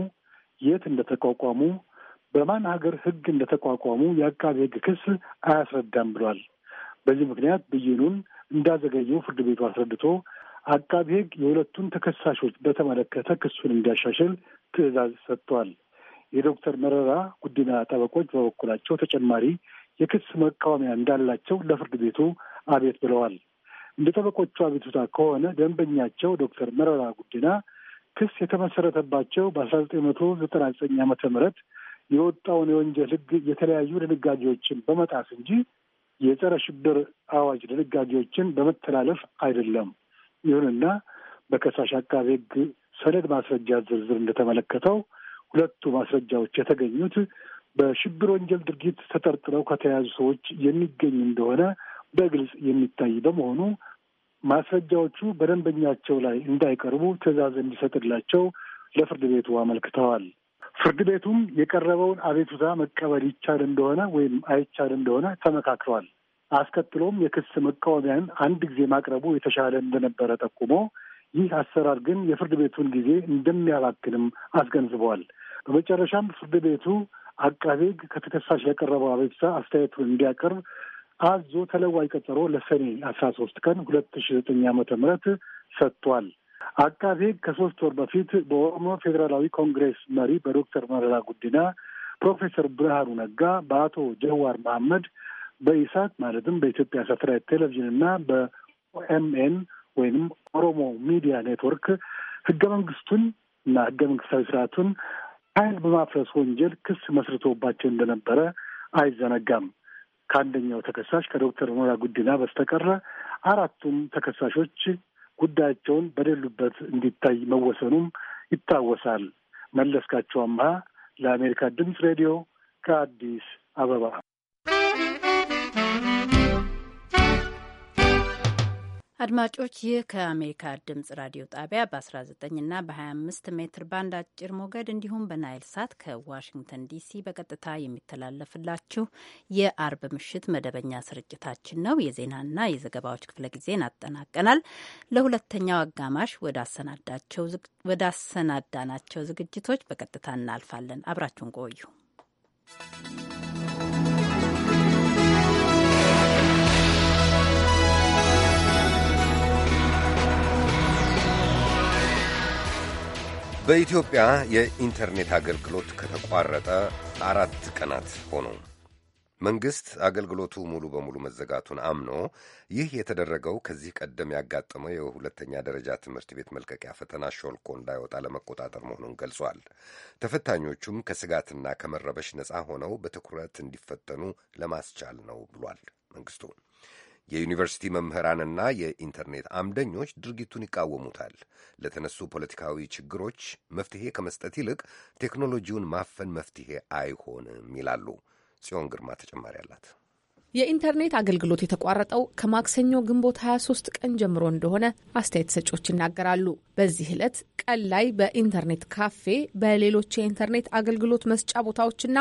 የት እንደተቋቋሙ፣ በማን ሀገር ህግ እንደተቋቋሙ የአቃቤ ህግ ክስ አያስረዳም ብሏል። በዚህ ምክንያት ብይኑን እንዳዘገየው ፍርድ ቤቱ አስረድቶ አቃቤ ህግ የሁለቱን ተከሳሾች በተመለከተ ክሱን እንዲያሻሽል ትዕዛዝ ሰጥቷል። የዶክተር መረራ ጉዲና ጠበቆች በበኩላቸው ተጨማሪ የክስ መቃወሚያ እንዳላቸው ለፍርድ ቤቱ አቤት ብለዋል። እንደ ጠበቆቹ አቤቱታ ከሆነ ደንበኛቸው ዶክተር መረራ ጉዲና ክስ የተመሰረተባቸው በአስራ ዘጠኝ መቶ ዘጠና ዘጠኝ ዓመተ ምህረት የወጣውን የወንጀል ህግ የተለያዩ ድንጋጌዎችን በመጣስ እንጂ የጸረ ሽብር አዋጅ ድንጋጌዎችን በመተላለፍ አይደለም። ይሁንና በከሳሽ አቃቤ ህግ ሰነድ ማስረጃ ዝርዝር እንደተመለከተው ሁለቱ ማስረጃዎች የተገኙት በሽብር ወንጀል ድርጊት ተጠርጥረው ከተያዙ ሰዎች የሚገኝ እንደሆነ በግልጽ የሚታይ በመሆኑ ማስረጃዎቹ በደንበኛቸው ላይ እንዳይቀርቡ ትዕዛዝ እንዲሰጥላቸው ለፍርድ ቤቱ አመልክተዋል። ፍርድ ቤቱም የቀረበውን አቤቱታ መቀበል ይቻል እንደሆነ ወይም አይቻል እንደሆነ ተመካክረዋል። አስከትሎም የክስ መቃወሚያን አንድ ጊዜ ማቅረቡ የተሻለ እንደነበረ ጠቁሞ ይህ አሰራር ግን የፍርድ ቤቱን ጊዜ እንደሚያባክንም አስገንዝበዋል። በመጨረሻም ፍርድ ቤቱ አቃቤ ሕግ ከተከሳሽ ለቀረበው አቤቱታ አስተያየቱን እንዲያቀርብ አዞ ተለዋጭ ቀጠሮ ለሰኔ አስራ ሶስት ቀን ሁለት ሺ ዘጠኝ ዓመተ ምህረት ሰጥቷል። አቃቤ ሕግ ከሶስት ወር በፊት በኦሮሞ ፌዴራላዊ ኮንግሬስ መሪ በዶክተር መረራ ጉዲና፣ ፕሮፌሰር ብርሃኑ ነጋ፣ በአቶ ጀዋር መሐመድ፣ በኢሳት ማለትም በኢትዮጵያ ሳተላይት ቴሌቪዥን እና በኦኤምኤን ወይንም ኦሮሞ ሚዲያ ኔትወርክ ህገ መንግስቱን እና ህገ መንግስታዊ ስርዓቱን ኃይል በማፍረስ ወንጀል ክስ መስርቶባቸው እንደነበረ አይዘነጋም። ከአንደኛው ተከሳሽ ከዶክተር ሞራ ጉዲና በስተቀረ አራቱም ተከሳሾች ጉዳያቸውን በደሉበት እንዲታይ መወሰኑም ይታወሳል። መለስካቸው አምሃ ለአሜሪካ ድምፅ ሬዲዮ ከአዲስ አበባ አድማጮች ይህ ከአሜሪካ ድምጽ ራዲዮ ጣቢያ በ19 እና በ25 ሜትር ባንድ አጭር ሞገድ እንዲሁም በናይል ሳት ከዋሽንግተን ዲሲ በቀጥታ የሚተላለፍላችሁ የአርብ ምሽት መደበኛ ስርጭታችን ነው። የዜናና የዘገባዎች ክፍለ ጊዜን አጠናቀናል። ለሁለተኛው አጋማሽ ወዳሰናዳናቸው ዝግጅቶች በቀጥታ እናልፋለን። አብራችሁን ቆዩ። በኢትዮጵያ የኢንተርኔት አገልግሎት ከተቋረጠ አራት ቀናት ሆኑ። መንግሥት አገልግሎቱ ሙሉ በሙሉ መዘጋቱን አምኖ ይህ የተደረገው ከዚህ ቀደም ያጋጠመው የሁለተኛ ደረጃ ትምህርት ቤት መልቀቂያ ፈተና ሾልኮ እንዳይወጣ ለመቆጣጠር መሆኑን ገልጿል። ተፈታኞቹም ከስጋትና ከመረበሽ ነፃ ሆነው በትኩረት እንዲፈተኑ ለማስቻል ነው ብሏል መንግሥቱን የዩኒቨርሲቲ መምህራንና የኢንተርኔት አምደኞች ድርጊቱን ይቃወሙታል። ለተነሱ ፖለቲካዊ ችግሮች መፍትሄ ከመስጠት ይልቅ ቴክኖሎጂውን ማፈን መፍትሄ አይሆንም ይላሉ። ጽዮን ግርማ ተጨማሪ አላት። የኢንተርኔት አገልግሎት የተቋረጠው ከማክሰኞ ግንቦት 23 ቀን ጀምሮ እንደሆነ አስተያየት ሰጮች ይናገራሉ። በዚህ ዕለት ቀን ላይ በኢንተርኔት ካፌ፣ በሌሎች የኢንተርኔት አገልግሎት መስጫ ቦታዎችና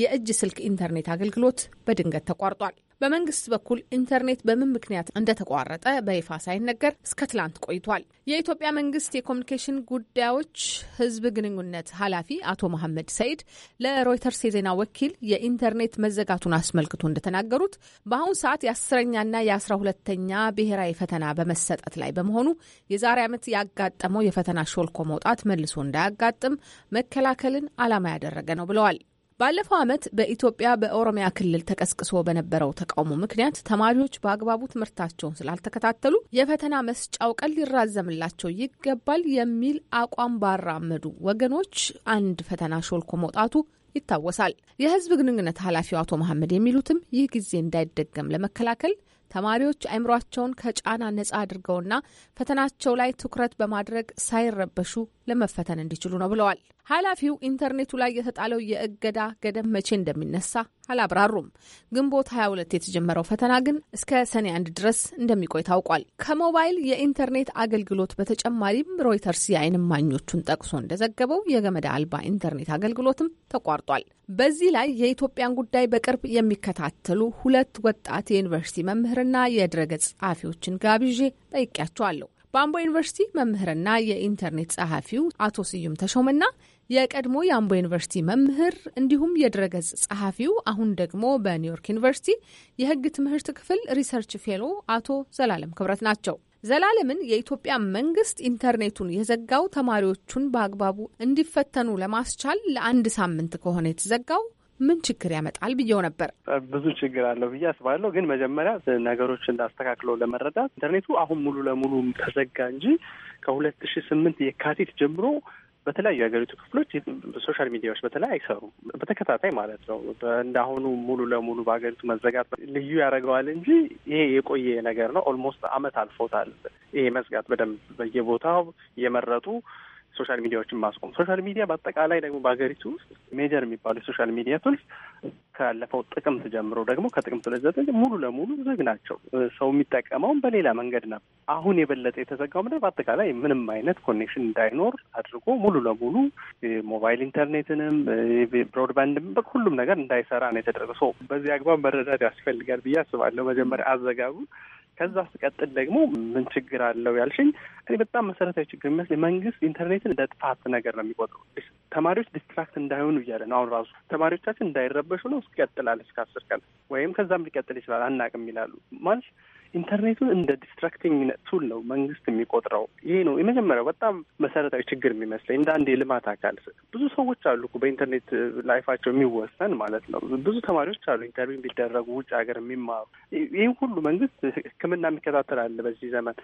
የእጅ ስልክ ኢንተርኔት አገልግሎት በድንገት ተቋርጧል። በመንግስት በኩል ኢንተርኔት በምን ምክንያት እንደተቋረጠ በይፋ ሳይነገር እስከ ትላንት ቆይቷል። የኢትዮጵያ መንግስት የኮሚኒኬሽን ጉዳዮች ህዝብ ግንኙነት ኃላፊ አቶ መሐመድ ሰይድ ለሮይተርስ የዜና ወኪል የኢንተርኔት መዘጋቱን አስመልክቶ እንደተናገሩት በአሁኑ ሰዓት የአስረኛና የአስራ ሁለተኛ ብሔራዊ ፈተና በመሰጠት ላይ በመሆኑ የዛሬ ዓመት ያጋጠመው የፈተና ሾልኮ መውጣት መልሶ እንዳያጋጥም መከላከልን ዓላማ ያደረገ ነው ብለዋል። ባለፈው ዓመት በኢትዮጵያ በኦሮሚያ ክልል ተቀስቅሶ በነበረው ተቃውሞ ምክንያት ተማሪዎች በአግባቡ ትምህርታቸውን ስላልተከታተሉ የፈተና መስጫው ቀን ሊራዘምላቸው ይገባል የሚል አቋም ባራመዱ ወገኖች አንድ ፈተና ሾልኮ መውጣቱ ይታወሳል። የሕዝብ ግንኙነት ኃላፊው አቶ መሐመድ የሚሉትም ይህ ጊዜ እንዳይደገም ለመከላከል ተማሪዎች አይምሯቸውን ከጫና ነጻ አድርገውና ፈተናቸው ላይ ትኩረት በማድረግ ሳይረበሹ ለመፈተን እንዲችሉ ነው ብለዋል። ኃላፊው ኢንተርኔቱ ላይ የተጣለው የእገዳ ገደብ መቼ እንደሚነሳ አላብራሩም። ግንቦት 22 የተጀመረው ፈተና ግን እስከ ሰኔ አንድ ድረስ እንደሚቆይ ታውቋል። ከሞባይል የኢንተርኔት አገልግሎት በተጨማሪም ሮይተርስ የዓይን ማኞቹን ጠቅሶ እንደዘገበው የገመድ አልባ ኢንተርኔት አገልግሎትም ተቋርጧል። በዚህ ላይ የኢትዮጵያን ጉዳይ በቅርብ የሚከታተሉ ሁለት ወጣት የዩኒቨርሲቲ መምህርና የድረገጽ ጸሐፊዎችን ጋብዤ ጠይቄያቸዋለሁ። በአምቦ ዩኒቨርሲቲ መምህርና የኢንተርኔት ጸሐፊው አቶ ስዩም ተሾመና የቀድሞ የአምቦ ዩኒቨርሲቲ መምህር እንዲሁም የድረገጽ ጸሐፊው አሁን ደግሞ በኒውዮርክ ዩኒቨርሲቲ የሕግ ትምህርት ክፍል ሪሰርች ፌሎ አቶ ዘላለም ክብረት ናቸው። ዘላለምን የኢትዮጵያ መንግስት ኢንተርኔቱን የዘጋው ተማሪዎቹን በአግባቡ እንዲፈተኑ ለማስቻል ለአንድ ሳምንት ከሆነ የተዘጋው ምን ችግር ያመጣል ብዬው ነበር። ብዙ ችግር አለው ብዬ አስባለሁ። ግን መጀመሪያ ነገሮች እንዳስተካክለው ለመረዳት ኢንተርኔቱ አሁን ሙሉ ለሙሉ ተዘጋ እንጂ ከሁለት ሺ ስምንት የካቲት ጀምሮ በተለያዩ የሀገሪቱ ክፍሎች ሶሻል ሚዲያዎች በተለይ አይሰሩም በተከታታይ ማለት ነው። እንደአሁኑ ሙሉ ለሙሉ በሀገሪቱ መዘጋት ልዩ ያደርገዋል እንጂ ይሄ የቆየ ነገር ነው። ኦልሞስት አመት አልፎታል። ይሄ መዝጋት በደንብ በየቦታው እየመረጡ ሶሻል ሚዲያዎችን ማስቆም። ሶሻል ሚዲያ በአጠቃላይ ደግሞ በሀገሪቱ ውስጥ ሜጀር የሚባሉ የሶሻል ሚዲያ ቱልስ ካለፈው ጥቅምት ጀምሮ ደግሞ ከጥቅምት ሁለት ዘጠኝ ሙሉ ለሙሉ ዝግ ናቸው። ሰው የሚጠቀመውን በሌላ መንገድ ነው። አሁን የበለጠ የተዘጋው ምድር በአጠቃላይ ምንም አይነት ኮኔክሽን እንዳይኖር አድርጎ ሙሉ ለሙሉ ሞባይል ኢንተርኔትንም ብሮድባንድም ሁሉም ነገር እንዳይሰራ ነው የተደረገ። በዚህ አግባብ መረዳት ያስፈልጋል ብዬ አስባለሁ። መጀመሪያ አዘጋቡ ከዛ ስቀጥል ደግሞ ምን ችግር አለው ያልሽኝ፣ እኔ በጣም መሰረታዊ ችግር የሚመስለኝ መንግስት ኢንተርኔትን እንደ ጥፋት ነገር ነው የሚቆጥሩ። ተማሪዎች ዲስትራክት እንዳይሆኑ እያለ ነው አሁን ራሱ ተማሪዎቻችን እንዳይረበሹ ነው። እስኪቀጥላለች ከአስር ቀን ወይም ከዛም ሊቀጥል ይችላል አናቅም ይላሉ ማለት ኢንተርኔቱን እንደ ዲስትራክቲንግ ቱል ነው መንግስት የሚቆጥረው። ይሄ ነው የመጀመሪያው በጣም መሰረታዊ ችግር የሚመስለኝ እንደ አንድ የልማት አካል። ብዙ ሰዎች አሉ በኢንተርኔት ላይፋቸው የሚወሰን ማለት ነው። ብዙ ተማሪዎች አሉ ኢንተርቪው የሚደረጉ ውጭ ሀገር የሚማሩ። ይህ ሁሉ መንግስት ሕክምና የሚከታተል አለ በዚህ ዘመን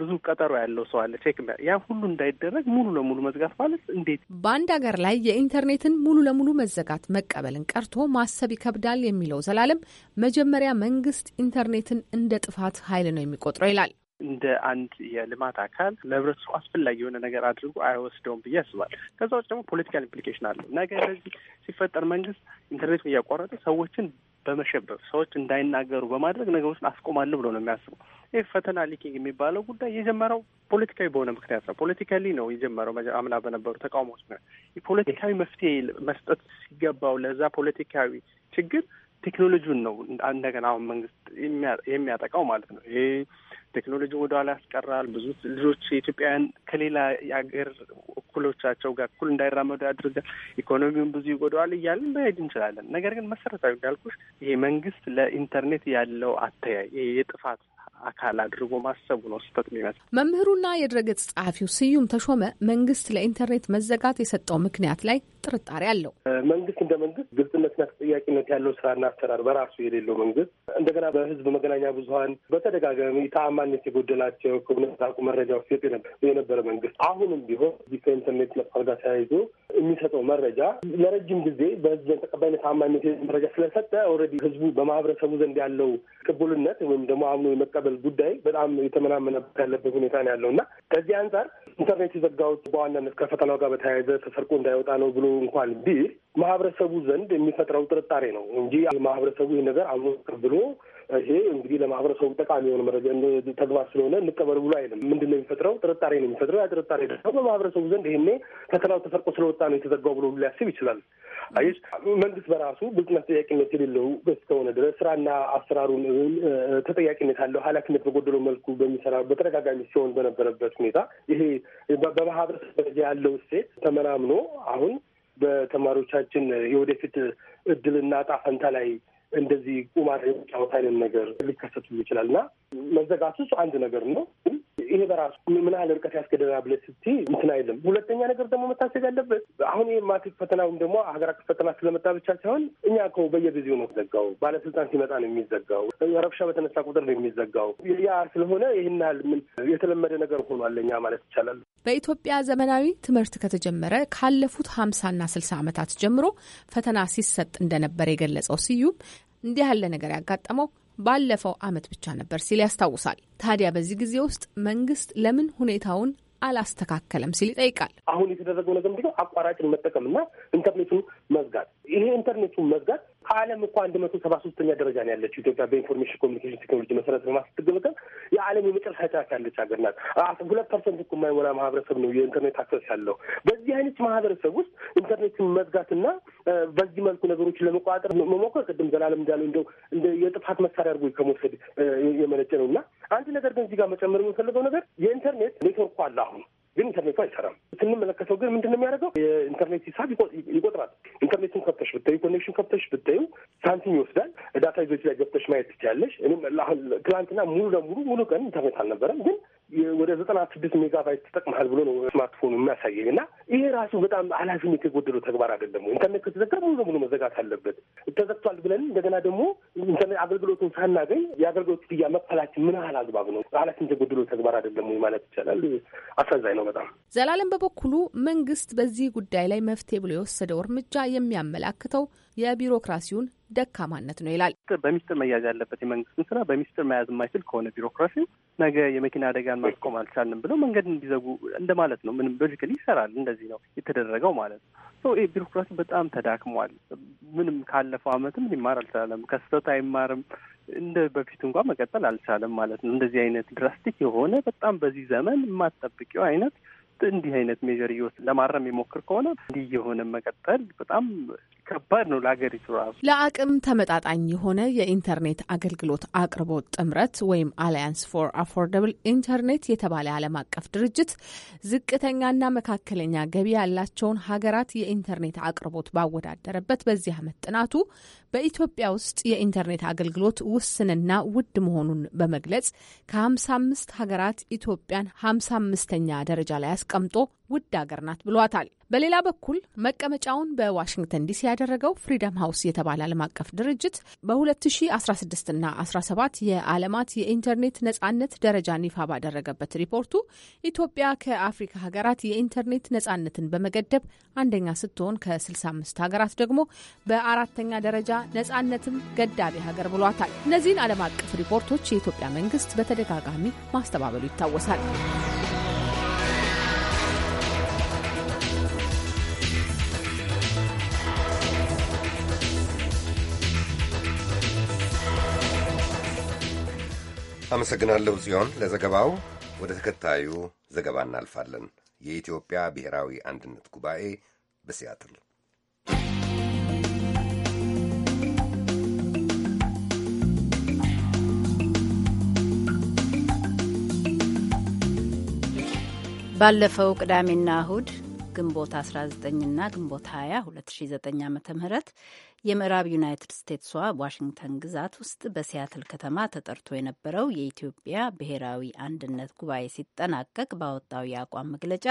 ብዙ ቀጠሮ ያለው ሰው አለ ቼክ። ያ ሁሉ እንዳይደረግ ሙሉ ለሙሉ መዝጋት ማለት እንዴት በአንድ ሀገር ላይ የኢንተርኔትን ሙሉ ለሙሉ መዘጋት መቀበልን ቀርቶ ማሰብ ይከብዳል የሚለው ዘላለም መጀመሪያ መንግስት ኢንተርኔትን እንደ ጥፋት የልማት ኃይል ነው የሚቆጥረው ይላል። እንደ አንድ የልማት አካል ለህብረተሰቡ አስፈላጊ የሆነ ነገር አድርጎ አይወስደውም ብዬ አስባል ከዛ ውጭ ደግሞ ፖለቲካል ኢምፕሊኬሽን አለ። ነገ በዚህ ሲፈጠር መንግስት ኢንተርኔት እያቋረጠ ሰዎችን በመሸበብ ሰዎች እንዳይናገሩ በማድረግ ነገሮችን አስቆማለሁ ብሎ ነው የሚያስበው። ይህ ፈተና ሊኪንግ የሚባለው ጉዳይ የጀመረው ፖለቲካዊ በሆነ ምክንያት ነው። ፖለቲካሊ ነው የጀመረው። አምና በነበሩ ተቃውሞዎች ምክንያት ፖለቲካዊ መፍትሄ መስጠት ሲገባው ለዛ ፖለቲካዊ ችግር ቴክኖሎጂውን ነው እንደገና አሁን መንግስት የሚያጠቃው ማለት ነው። ይሄ ቴክኖሎጂ ወደኋላ ያስቀራል። ብዙ ልጆች የኢትዮጵያውያን ከሌላ የአገር እኩሎቻቸው ጋር እኩል እንዳይራመዱ ያድርጋል። ኢኮኖሚውን ብዙ ይጎደዋል እያልን መሄድ እንችላለን። ነገር ግን መሰረታዊ እንዳልኩሽ ይሄ መንግስት ለኢንተርኔት ያለው አተያይ የጥፋት አካል አድርጎ ማሰቡ ነው ስህተት የሚመስል። መምህሩና የድረገጽ ጸሐፊው ስዩም ተሾመ መንግስት ለኢንተርኔት መዘጋት የሰጠው ምክንያት ላይ ጥርጣሬ አለው። መንግስት እንደ መንግስት ግልጽነትና ተጠያቂነት ያለው ስራና አሰራር በራሱ የሌለው መንግስት እንደገና በህዝብ መገናኛ ብዙሀን በተደጋጋሚ ተአማኝነት የጎደላቸው ከእውነት ታቁ መረጃ ውስጥ የነበረ መንግስት አሁንም ቢሆን እዚህ ከኢንተርኔት መጥፋት ጋር ተያይዞ የሚሰጠው መረጃ ለረጅም ጊዜ በህዝብ ዘንድ ተቀባይነት ተአማኝነት መረጃ ስለሰጠ ኦልሬዲ ህዝቡ በማህበረሰቡ ዘንድ ያለው ቅቡልነት ወይም ደግሞ አምኖ የመቀበል ጉዳይ በጣም የተመናመነበት ያለበት ሁኔታ ነው ያለው እና ከዚህ አንጻር ኢንተርኔት የዘጋዎች በዋናነት ከፈተናው ጋር በተያያዘ ተሰርቆ እንዳይወጣ ነው ብሎ እንኳን ቢል ማህበረሰቡ ዘንድ የሚፈጥረው ጥርጣሬ ነው እንጂ ማህበረሰቡ ይህ ነገር አምኖ ብሎ ይሄ እንግዲህ ለማህበረሰቡ ጠቃሚ የሆነ መረጃ ተግባር ስለሆነ እንቀበል ብሎ አይልም። ምንድን ነው የሚፈጥረው? ጥርጣሬ ነው የሚፈጥረው። ያ ጥርጣሬ ደግሞ በማህበረሰቡ ዘንድ ይሄኔ ፈተናው ተሰርቆ ስለወጣ ነው የተዘጋው ብሎ ሊያስብ ይችላል። አየሽ፣ መንግስት በራሱ ግልጽነት ተጠያቂነት የሌለው እስከሆነ ድረስ ስራና አሰራሩን ተጠያቂነት አለው ኃላፊነት በጎደሎ መልኩ በሚሰራ በተደጋጋሚ ሲሆን በነበረበት ሁኔታ ይሄ በማህበረሰብ ደረጃ ያለው እሴት ተመናምኖ አሁን በተማሪዎቻችን የወደፊት እድልና ጣፈንታ ላይ እንደዚህ ቁማር የሚጫወት አይነት ነገር ሊከሰቱ ይችላል እና መዘጋቱ አንድ ነገር ነው። ይሄ በራሱ ምን ያህል ርቀት ያስገደና ብለ ስቲ እንትን አይልም። ሁለተኛ ነገር ደግሞ መታሰብ ያለበት አሁን ይህ ማትሪክ ፈተና ወይም ደግሞ ሀገር አቀፍ ፈተና ስለመጣ ብቻ ሳይሆን እኛ ከው በየጊዜው ነው ዘጋው። ባለስልጣን ሲመጣ ነው የሚዘጋው። ረብሻ በተነሳ ቁጥር ነው የሚዘጋው። ያ ስለሆነ ይህን ያህል ምን የተለመደ ነገር ሆኗል እኛ ማለት ይቻላል። በኢትዮጵያ ዘመናዊ ትምህርት ከተጀመረ ካለፉት ሀምሳና ስልሳ ዓመታት ጀምሮ ፈተና ሲሰጥ እንደነበረ የገለጸው ስዩም እንዲህ ያለ ነገር ያጋጠመው ባለፈው ዓመት ብቻ ነበር ሲል ያስታውሳል። ታዲያ በዚህ ጊዜ ውስጥ መንግስት ለምን ሁኔታውን አላስተካከለም ሲል ይጠይቃል። አሁን የተደረገው ነገር ምንድነው? አቋራጭን መጠቀምና ኢንተርኔቱን መዝጋት። ይሄ ኢንተርኔቱን መዝጋት ከዓለም እኮ አንድ መቶ ሰባ ሶስተኛ ደረጃ ነው ያለችው ኢትዮጵያ በኢንፎርሜሽን ኮሚኒኬሽን ቴክኖሎጂ መሰረት ልማት ስትገመገም የዓለም የመጨረሻ ጫፍ ያለች ሀገር ናት። ሁለት ፐርሰንት እኮ የማይሞላ ማህበረሰብ ነው የኢንተርኔት አክሰስ ያለው። በዚህ አይነት ማህበረሰብ ውስጥ ኢንተርኔትን መዝጋትና በዚህ መልኩ ነገሮችን ለመቆጣጠር መሞከር ቅድም ዘላለም እንዳለው እንደው እንደ የጥፋት መሳሪያ አድርጎ ከመውሰድ የመነጨ ነው እና አንድ ነገር ግን እዚህ ጋር መጨመር የምንፈልገው ነገር የኢንተርኔት ኔትወርኩ አለ አሁን ግን ኢንተርኔቱ አይሰራም። ስንመለከተው ግን ምንድን ነው የሚያደርገው? የኢንተርኔት ሂሳብ ይቆጥራል። ኢንተርኔቱን ከፍተሽ ብታዩ፣ ኮኔክሽን ከፍተሽ ብታዩ ሳንቲም ይወስዳል። ዳታ ይዞች ላይ ገብተሽ ማየት ትችያለሽ። እኔም ትላንትና ሙሉ ለሙሉ ሙሉ ቀን ኢንተርኔት አልነበረም ግን ወደ ዘጠና ስድስት ሜጋባይት ተጠቅመሃል ብሎ ነው ስማርትፎኑ የሚያሳየኝ እና ይሄ ራሱ በጣም ኃላፊነት የጎደለው ተግባር አይደለም። ኢንተርኔት ከተዘጋ ሙሉ ለሙሉ መዘጋት አለበት። ተዘግቷል ብለን እንደገና ደግሞ ኢንተርኔት አገልግሎቱን ሳናገኝ የአገልግሎት ክፍያ መክፈላችን ምን ያህል አግባብ ነው? ኃላፊነት የጎደለው ተግባር አይደለም ወይ ማለት ይቻላል። አሳዛኝ ነው በጣም። ዘላለም በበኩሉ መንግስት በዚህ ጉዳይ ላይ መፍትሄ ብሎ የወሰደው እርምጃ የሚያመላክተው የቢሮክራሲውን ደካማነት ነው ይላል። በሚስጥር መያዝ ያለበት የመንግስትን ስራ በሚስጥር መያዝ የማይችል ከሆነ ቢሮክራሲ ነገ የመኪና አደጋን ማስቆም አልቻልንም ብለው መንገድ እንዲዘጉ እንደማለት ነው። ምንም ሎጂካሊ ይሰራል። እንደዚህ ነው የተደረገው ማለት ነው። ይህ ቢሮክራሲ በጣም ተዳክሟል። ምንም ካለፈው አመት ምን ይማር አልቻለም። ከስህተት አይማርም። እንደ በፊት እንኳን መቀጠል አልቻለም ማለት ነው። እንደዚህ አይነት ድራስቲክ የሆነ በጣም በዚህ ዘመን የማትጠብቂው አይነት እንዲህ አይነት ሜዥር እየወስ ለማረም የሞክር ከሆነ እንዲህ የሆነ መቀጠል በጣም ከባድ ነው ለሀገሪቱ ራሱ። ለአቅም ተመጣጣኝ የሆነ የኢንተርኔት አገልግሎት አቅርቦት ጥምረት ወይም አሊያንስ ፎር አፎርደብል ኢንተርኔት የተባለ ዓለም አቀፍ ድርጅት ዝቅተኛና መካከለኛ ገቢ ያላቸውን ሀገራት የኢንተርኔት አቅርቦት ባወዳደረበት በዚህ ዓመት ጥናቱ በኢትዮጵያ ውስጥ የኢንተርኔት አገልግሎት ውስንና ውድ መሆኑን በመግለጽ ከ55 ሀገራት ኢትዮጵያን 55ኛ ደረጃ ላይ አስቀምጦ ውድ ሀገር ናት ብሏታል። በሌላ በኩል መቀመጫውን በዋሽንግተን ዲሲ ያደረገው ፍሪደም ሀውስ የተባለ ዓለም አቀፍ ድርጅት በ2016 እና 17 የዓለማት የኢንተርኔት ነጻነት ደረጃን ይፋ ባደረገበት ሪፖርቱ ኢትዮጵያ ከአፍሪካ ሀገራት የኢንተርኔት ነጻነትን በመገደብ አንደኛ ስትሆን ከ65 ሀገራት ደግሞ በአራተኛ ደረጃ ነጻነትም ገዳቢ ሀገር ብሏታል። እነዚህን ዓለም አቀፍ ሪፖርቶች የኢትዮጵያ መንግስት በተደጋጋሚ ማስተባበሉ ይታወሳል። አመሰግናለሁ ጽዮን ለዘገባው። ወደ ተከታዩ ዘገባ እናልፋለን። የኢትዮጵያ ብሔራዊ አንድነት ጉባኤ በሲያትል ባለፈው ቅዳሜና እሁድ ግንቦት 19ና ግንቦት 20 2009 ዓ ም የምዕራብ ዩናይትድ ስቴትሷ ዋሽንግተን ግዛት ውስጥ በሲያትል ከተማ ተጠርቶ የነበረው የኢትዮጵያ ብሔራዊ አንድነት ጉባኤ ሲጠናቀቅ ባወጣው የአቋም መግለጫ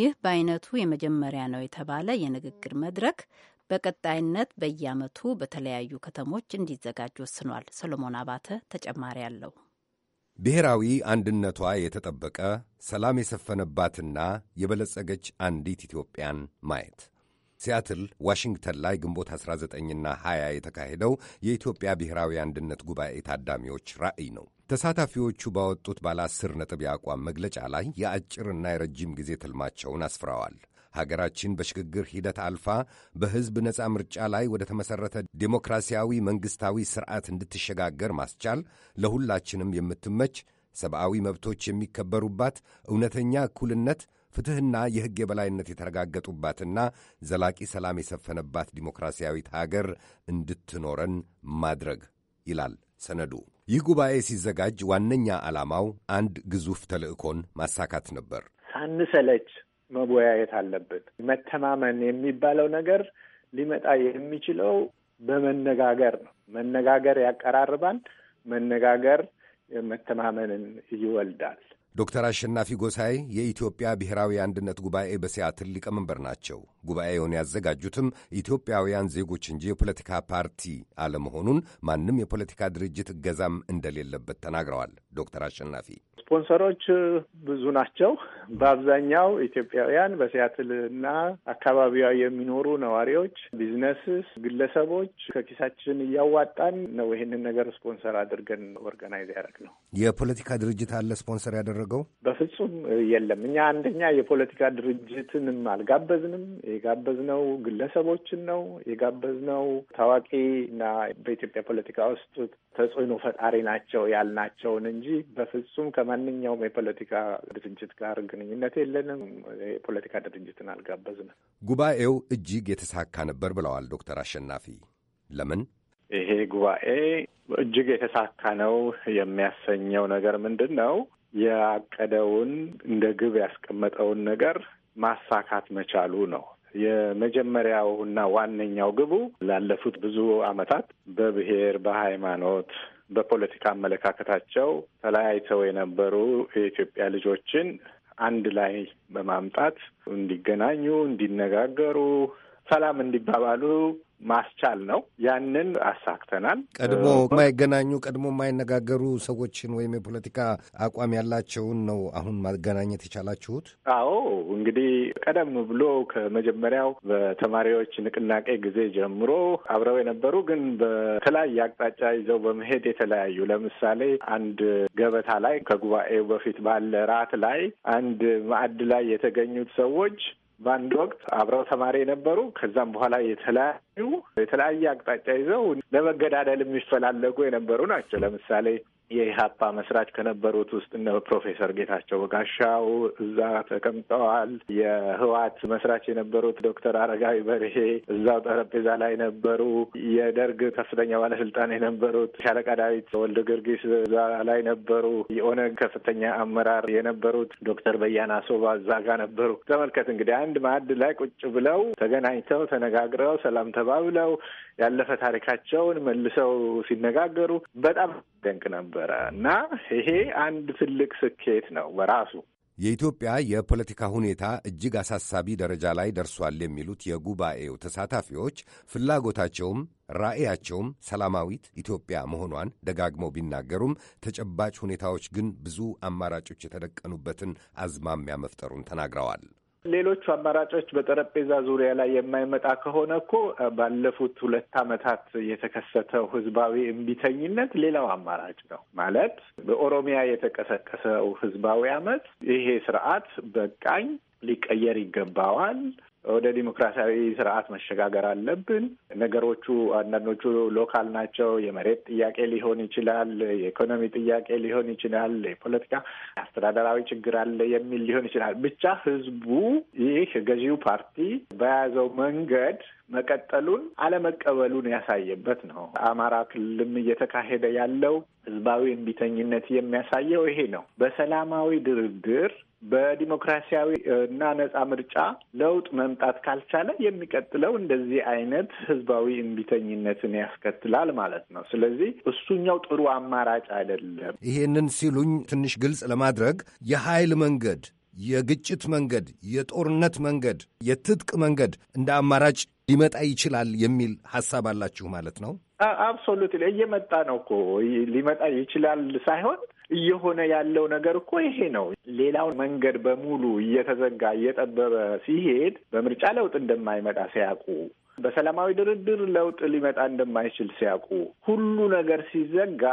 ይህ በአይነቱ የመጀመሪያ ነው የተባለ የንግግር መድረክ በቀጣይነት በየአመቱ በተለያዩ ከተሞች እንዲዘጋጅ ወስኗል። ሰሎሞን አባተ ተጨማሪ አለው። ብሔራዊ አንድነቷ የተጠበቀ ሰላም የሰፈነባትና የበለጸገች አንዲት ኢትዮጵያን ማየት ሲያትል ዋሽንግተን ላይ ግንቦት 19ና 20 የተካሄደው የኢትዮጵያ ብሔራዊ አንድነት ጉባኤ ታዳሚዎች ራዕይ ነው። ተሳታፊዎቹ ባወጡት ባለ አስር ነጥብ የአቋም መግለጫ ላይ የአጭርና የረጅም ጊዜ ትልማቸውን አስፍረዋል። ሀገራችን በሽግግር ሂደት አልፋ በሕዝብ ነፃ ምርጫ ላይ ወደ ተመሠረተ ዴሞክራሲያዊ መንግሥታዊ ሥርዓት እንድትሸጋገር ማስቻል ለሁላችንም የምትመች ሰብአዊ መብቶች የሚከበሩባት እውነተኛ እኩልነት ፍትሕና የሕግ የበላይነት የተረጋገጡባትና ዘላቂ ሰላም የሰፈነባት ዲሞክራሲያዊት ሀገር እንድትኖረን ማድረግ ይላል ሰነዱ። ይህ ጉባኤ ሲዘጋጅ ዋነኛ ዓላማው አንድ ግዙፍ ተልዕኮን ማሳካት ነበር። ሳንሰለች መወያየት አለብን። መተማመን የሚባለው ነገር ሊመጣ የሚችለው በመነጋገር ነው። መነጋገር ያቀራርባል። መነጋገር መተማመንን ይወልዳል። ዶክተር አሸናፊ ጎሳይ የኢትዮጵያ ብሔራዊ አንድነት ጉባኤ በሲያትል ሊቀመንበር ናቸው። ጉባኤውን ያዘጋጁትም ኢትዮጵያውያን ዜጎች እንጂ የፖለቲካ ፓርቲ አለመሆኑን ማንም የፖለቲካ ድርጅት እገዛም እንደሌለበት ተናግረዋል። ዶክተር አሸናፊ ስፖንሰሮች ብዙ ናቸው። በአብዛኛው ኢትዮጵያውያን በሲያትልና አካባቢዋ የሚኖሩ ነዋሪዎች፣ ቢዝነስስ፣ ግለሰቦች ከኪሳችን እያዋጣን ነው ይህንን ነገር ስፖንሰር አድርገን ኦርጋናይዝ ያደረግ ነው። የፖለቲካ ድርጅት አለ ስፖንሰር ያደረገው በፍጹም የለም። እኛ አንደኛ የፖለቲካ ድርጅትንም አልጋበዝንም። የጋበዝነው ግለሰቦችን ነው የጋበዝነው ታዋቂ እና በኢትዮጵያ ፖለቲካ ውስጥ ተጽዕኖ ፈጣሪ ናቸው ያልናቸውን እንጂ በፍጹም ከማንኛውም የፖለቲካ ድርጅት ጋር ግንኙነት የለንም። የፖለቲካ ድርጅትን አልጋበዝንም። ጉባኤው እጅግ የተሳካ ነበር ብለዋል ዶክተር አሸናፊ። ለምን ይሄ ጉባኤ እጅግ የተሳካ ነው የሚያሰኘው ነገር ምንድን ነው? ያቀደውን እንደ ግብ ያስቀመጠውን ነገር ማሳካት መቻሉ ነው። የመጀመሪያውና ዋነኛው ግቡ ላለፉት ብዙ ዓመታት በብሔር፣ በሃይማኖት፣ በፖለቲካ አመለካከታቸው ተለያይተው የነበሩ የኢትዮጵያ ልጆችን አንድ ላይ በማምጣት እንዲገናኙ፣ እንዲነጋገሩ፣ ሰላም እንዲባባሉ ማስቻል ነው። ያንን አሳክተናል። ቀድሞ የማይገናኙ ቀድሞ የማይነጋገሩ ሰዎችን ወይም የፖለቲካ አቋም ያላቸውን ነው አሁን ማገናኘት የቻላችሁት? አዎ እንግዲህ ቀደም ብሎ ከመጀመሪያው በተማሪዎች ንቅናቄ ጊዜ ጀምሮ አብረው የነበሩ ግን በተለያየ አቅጣጫ ይዘው በመሄድ የተለያዩ ለምሳሌ አንድ ገበታ ላይ ከጉባኤው በፊት ባለ ራት ላይ አንድ ማዕድ ላይ የተገኙት ሰዎች በአንድ ወቅት አብረው ተማሪ የነበሩ ከዛም በኋላ የተለያዩ የተለያየ አቅጣጫ ይዘው ለመገዳደል የሚፈላለጉ የነበሩ ናቸው። ለምሳሌ የኢህአፓ መስራች ከነበሩት ውስጥ እነ ፕሮፌሰር ጌታቸው በጋሻው እዛ ተቀምጠዋል። የህዋት መስራች የነበሩት ዶክተር አረጋዊ በርሄ እዛው ጠረጴዛ ላይ ነበሩ። የደርግ ከፍተኛ ባለስልጣን የነበሩት ሻለቃ ዳዊት ወልደ ግርጊስ እዛ ላይ ነበሩ። የኦነግ ከፍተኛ አመራር የነበሩት ዶክተር በያና ሶባ እዛ ጋ ነበሩ። ተመልከት እንግዲህ አንድ ማዕድ ላይ ቁጭ ብለው ተገናኝተው ተነጋግረው ሰላም ተባብለው ያለፈ ታሪካቸውን መልሰው ሲነጋገሩ በጣም ደንቅ ነበረ እና ይሄ አንድ ትልቅ ስኬት ነው በራሱ። የኢትዮጵያ የፖለቲካ ሁኔታ እጅግ አሳሳቢ ደረጃ ላይ ደርሷል የሚሉት የጉባኤው ተሳታፊዎች ፍላጎታቸውም ራዕያቸውም ሰላማዊት ኢትዮጵያ መሆኗን ደጋግመው ቢናገሩም ተጨባጭ ሁኔታዎች ግን ብዙ አማራጮች የተደቀኑበትን አዝማሚያ መፍጠሩን ተናግረዋል። ሌሎቹ አማራጮች በጠረጴዛ ዙሪያ ላይ የማይመጣ ከሆነ እኮ ባለፉት ሁለት ዓመታት የተከሰተው ህዝባዊ እምቢተኝነት ሌላው አማራጭ ነው። ማለት በኦሮሚያ የተቀሰቀሰው ህዝባዊ አመት ይሄ ስርዓት በቃኝ ሊቀየር ይገባዋል ወደ ዲሞክራሲያዊ ስርዓት መሸጋገር አለብን። ነገሮቹ አንዳንዶቹ ሎካል ናቸው። የመሬት ጥያቄ ሊሆን ይችላል፣ የኢኮኖሚ ጥያቄ ሊሆን ይችላል፣ የፖለቲካ አስተዳደራዊ ችግር አለ የሚል ሊሆን ይችላል። ብቻ ህዝቡ ይህ ገዢው ፓርቲ በያዘው መንገድ መቀጠሉን አለመቀበሉን ያሳየበት ነው። አማራ ክልልም እየተካሄደ ያለው ህዝባዊ እንቢተኝነት የሚያሳየው ይሄ ነው። በሰላማዊ ድርድር በዲሞክራሲያዊ እና ነጻ ምርጫ ለውጥ መምጣት ካልቻለ የሚቀጥለው እንደዚህ አይነት ህዝባዊ እምቢተኝነትን ያስከትላል ማለት ነው። ስለዚህ እሱኛው ጥሩ አማራጭ አይደለም። ይሄንን ሲሉኝ ትንሽ ግልጽ ለማድረግ የኃይል መንገድ የግጭት መንገድ፣ የጦርነት መንገድ፣ የትጥቅ መንገድ እንደ አማራጭ ሊመጣ ይችላል የሚል ሀሳብ አላችሁ ማለት ነው? አብሶሉት እየመጣ ነው እኮ ሊመጣ ይችላል ሳይሆን እየሆነ ያለው ነገር እኮ ይሄ ነው። ሌላውን መንገድ በሙሉ እየተዘጋ እየጠበበ ሲሄድ በምርጫ ለውጥ እንደማይመጣ ሲያውቁ፣ በሰላማዊ ድርድር ለውጥ ሊመጣ እንደማይችል ሲያውቁ፣ ሁሉ ነገር ሲዘጋ፣